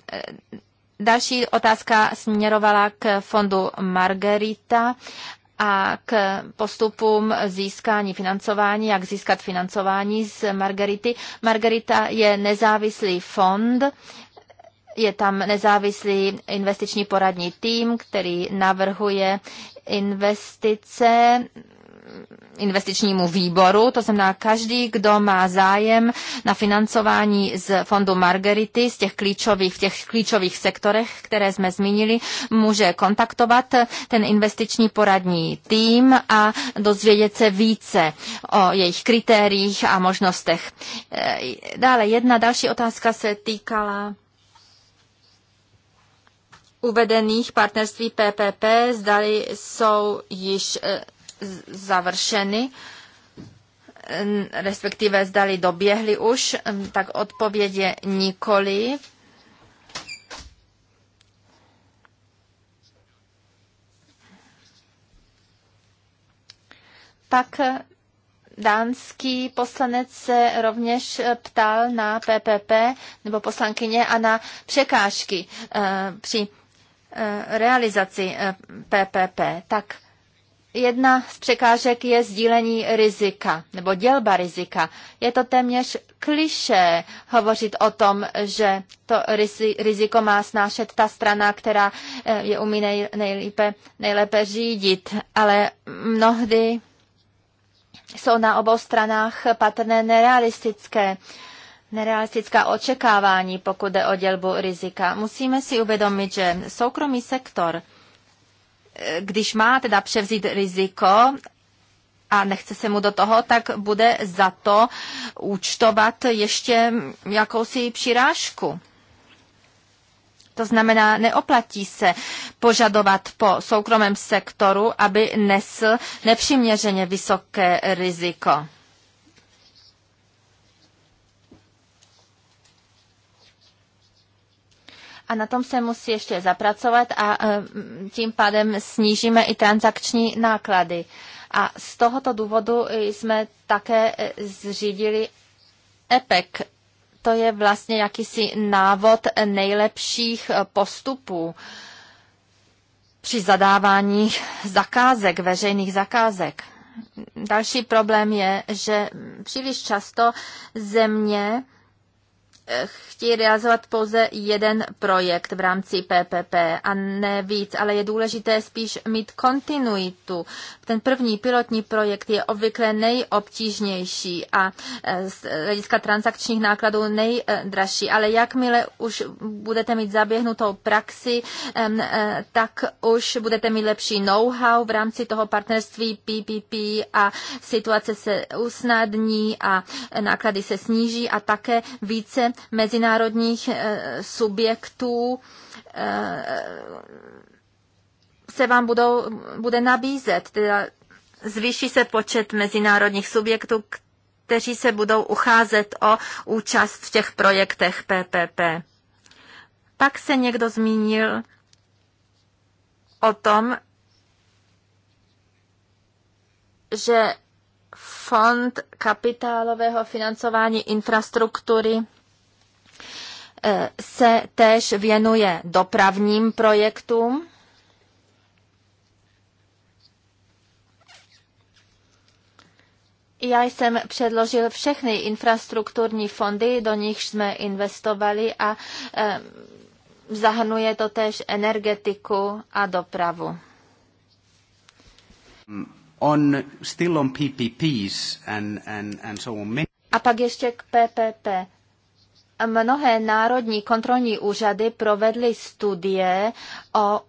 Další otázka směrovala k fondu Margarita a k postupům získání financování, jak získat financování z Margarity. Margarita je nezávislý fond, je tam nezávislý investiční poradní tým, který navrhuje investice investičnímu výboru, to znamená každý, kdo má zájem na financování z fondu Margarity, z těch klíčových, v těch klíčových sektorech, které jsme zmínili, může kontaktovat ten investiční poradní tým a dozvědět se více o jejich kritériích a možnostech. E, dále jedna další otázka se týkala uvedených partnerství PPP, zdali jsou již e, završeny, respektive zdali doběhly už, tak odpověď je nikoli. Pak e, dánský poslanec se rovněž e, ptal na PPP nebo poslankyně a na překážky e, při realizaci PPP. Tak Jedna z překážek je sdílení rizika nebo dělba rizika. Je to téměř kliše hovořit o tom, že to riziko má snášet ta strana, která eh, je umí nejlépe, nejlépe řídit, ale mnohdy jsou na obou stranách patrné nerealistické nerealistická očekávání, pokud jde o dělbu rizika. Musíme si uvědomit, že soukromý sektor když má teda převzít riziko a nechce se mu do toho, tak bude za to účtovat ještě jakousi přirážku. To znamená, neoplatí se požadovat po soukromém sektoru, aby nesl nepřiměřeně vysoké riziko. a na tom se musí ještě zapracovat a e, tím pádem snížíme i transakční náklady. A z tohoto důvodu jsme také e, zřídili EPEC. To je vlastně jakýsi návod nejlepších e, postupů při zadávání zakázek, veřejných zakázek. Další problém je, že příliš často země chtějí realizovat pouze jeden projekt v rámci PPP a ne víc, ale je důležité spíš mít kontinuitu ten první pilotní projekt je obvykle nejobtížnější a e, z hlediska transakčních nákladů nejdražší, ale jakmile už budete mít zaběhnutou praxi, e, tak už budete mít lepší know-how v rámci toho partnerství PPP a situace se usnadní a náklady se sníží a také více mezinárodních e, subjektů se vám budou, bude nabízet. Teda zvýší se počet mezinárodních subjektů, kteří se budou ucházet o účast v těch projektech PPP. Pak se někdo zmínil o tom, že fond kapitálového financování infrastruktury eh, se též věnuje dopravním projektům Já jsem předložil všechny infrastrukturní fondy, do nich jsme investovali a zahrnuje to též energetiku a dopravu. On, still on PPPs and, and, and so on. A pak ještě k PPP. Mnohé národní kontrolní úřady provedly studie o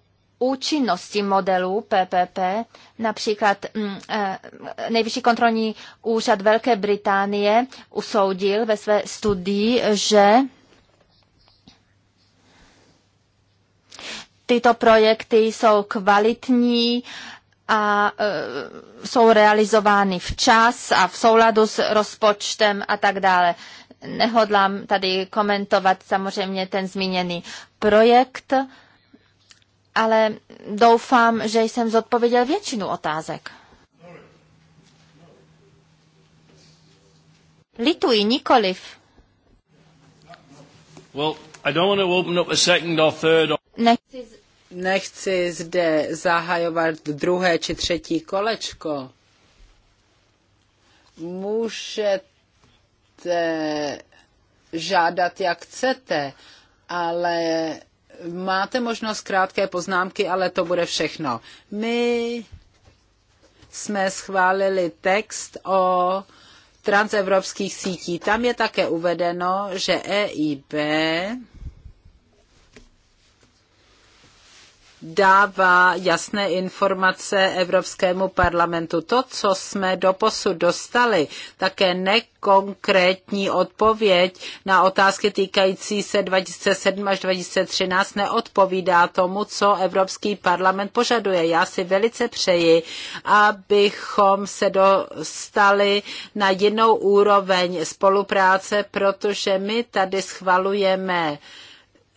účinnosti modelů PPP, například mm, eh, Nejvyšší kontrolní úřad Velké Británie usoudil ve své studii, že tyto projekty jsou kvalitní a eh, jsou realizovány včas a v souladu s rozpočtem a tak dále. Nehodlám tady komentovat samozřejmě ten zmíněný projekt, ale doufám, že jsem zodpověděl většinu otázek. Lituji, nikoliv. Well, I don't want to open up a second or third or... Nechci, z... Nechci zde zahajovat druhé či třetí kolečko. Můžete žádat, jak chcete, ale máte možnost krátké poznámky, ale to bude všechno. My jsme schválili text o transevropských sítí. Tam je také uvedeno, že EIB dává jasné informace Evropskému parlamentu. To, co jsme doposud dostali, také nekonkrétní odpověď na otázky týkající se 2007 až 2013 neodpovídá tomu, co Evropský parlament požaduje. Já si velice přeji, abychom se dostali na jinou úroveň spolupráce, protože my tady schvalujeme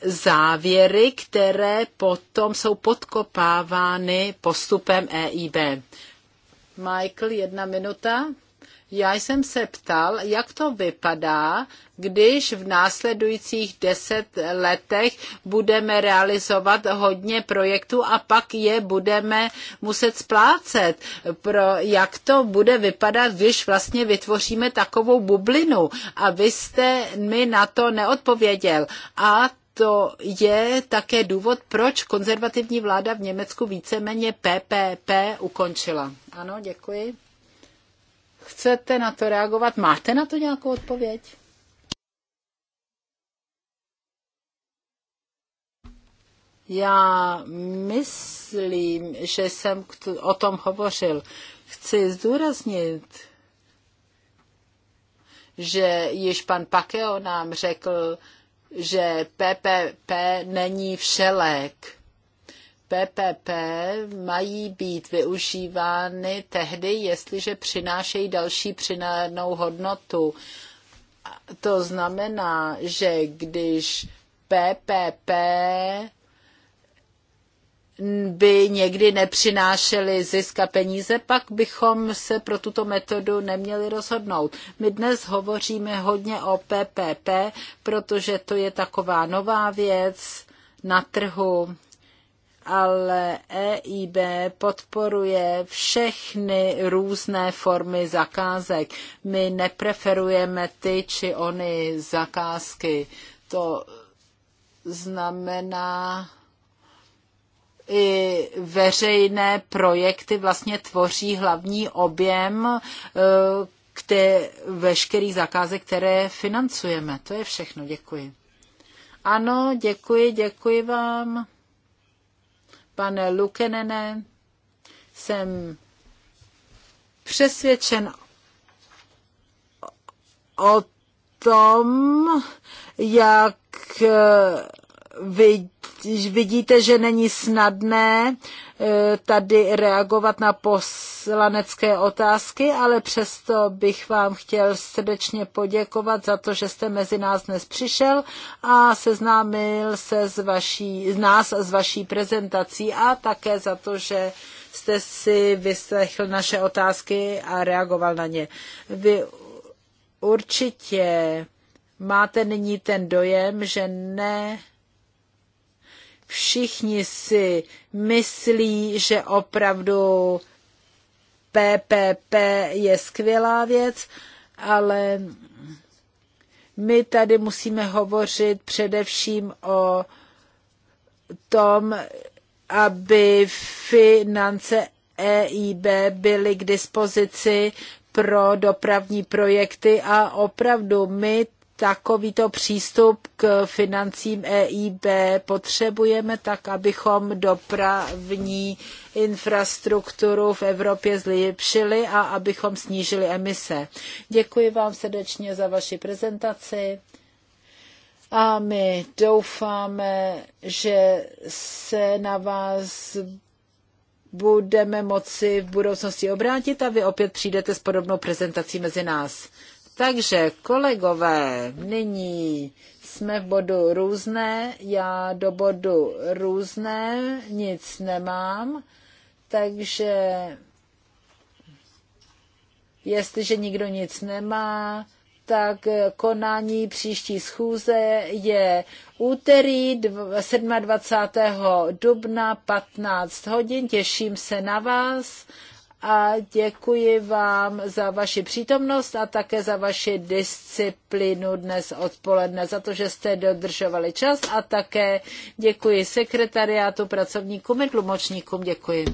závěry, které potom jsou podkopávány postupem EIB. Michael, jedna minuta. Já jsem se ptal, jak to vypadá, když v následujících deset letech budeme realizovat hodně projektů a pak je budeme muset splácet. Pro jak to bude vypadat, když vlastně vytvoříme takovou bublinu. A vy jste mi na to neodpověděl. A to je také důvod, proč konzervativní vláda v Německu víceméně PPP ukončila. Ano, děkuji. Chcete na to reagovat? Máte na to nějakou odpověď? Já myslím, že jsem o tom hovořil. Chci zdůraznit, že již pan Pakeo nám řekl, že PPP není všelék. PPP mají být využívány tehdy, jestliže přinášejí další přinádnou hodnotu. To znamená, že když PPP by někdy nepřinášely zisk a peníze, pak bychom se pro tuto metodu neměli rozhodnout. My dnes hovoříme hodně o PPP, protože to je taková nová věc na trhu, ale EIB podporuje všechny různé formy zakázek. My nepreferujeme ty či ony zakázky. To znamená, i veřejné projekty vlastně tvoří hlavní objem e, kte, veškerých zakázek, které financujeme. To je všechno. Děkuji. Ano, děkuji, děkuji vám. Pane Lukenene, jsem přesvědčen o tom, jak vidíte, že není snadné eh, tady reagovat na poslanecké otázky, ale přesto bych vám chtěl srdečně poděkovat za to, že jste mezi nás dnes přišel a seznámil se z, vaší, z nás a z vaší prezentací a také za to, že jste si vyslechl naše otázky a reagoval na ně. Vy určitě máte nyní ten dojem, že ne všichni si myslí, že opravdu PPP je skvělá věc, ale my tady musíme hovořit především o tom, aby finance EIB byly k dispozici pro dopravní projekty a opravdu my takovýto přístup k financím EIB potřebujeme tak, abychom dopravní infrastrukturu v Evropě zlepšili a abychom snížili emise. Děkuji vám srdečně za vaši prezentaci a my doufáme, že se na vás budeme moci v budoucnosti obrátit a vy opět přijdete s podobnou prezentací mezi nás. Takže kolegové, nyní jsme v bodu různé, já do bodu různé nic nemám, takže jestliže nikdo nic nemá, tak konání příští schůze je úterý 27. dubna 15 hodin. Těším se na vás a děkuji vám za vaši přítomnost a také za vaši disciplínu dnes odpoledne, za to, že jste dodržovali čas a také děkuji sekretariátu, pracovníkům i tlumočníkům. Děkuji.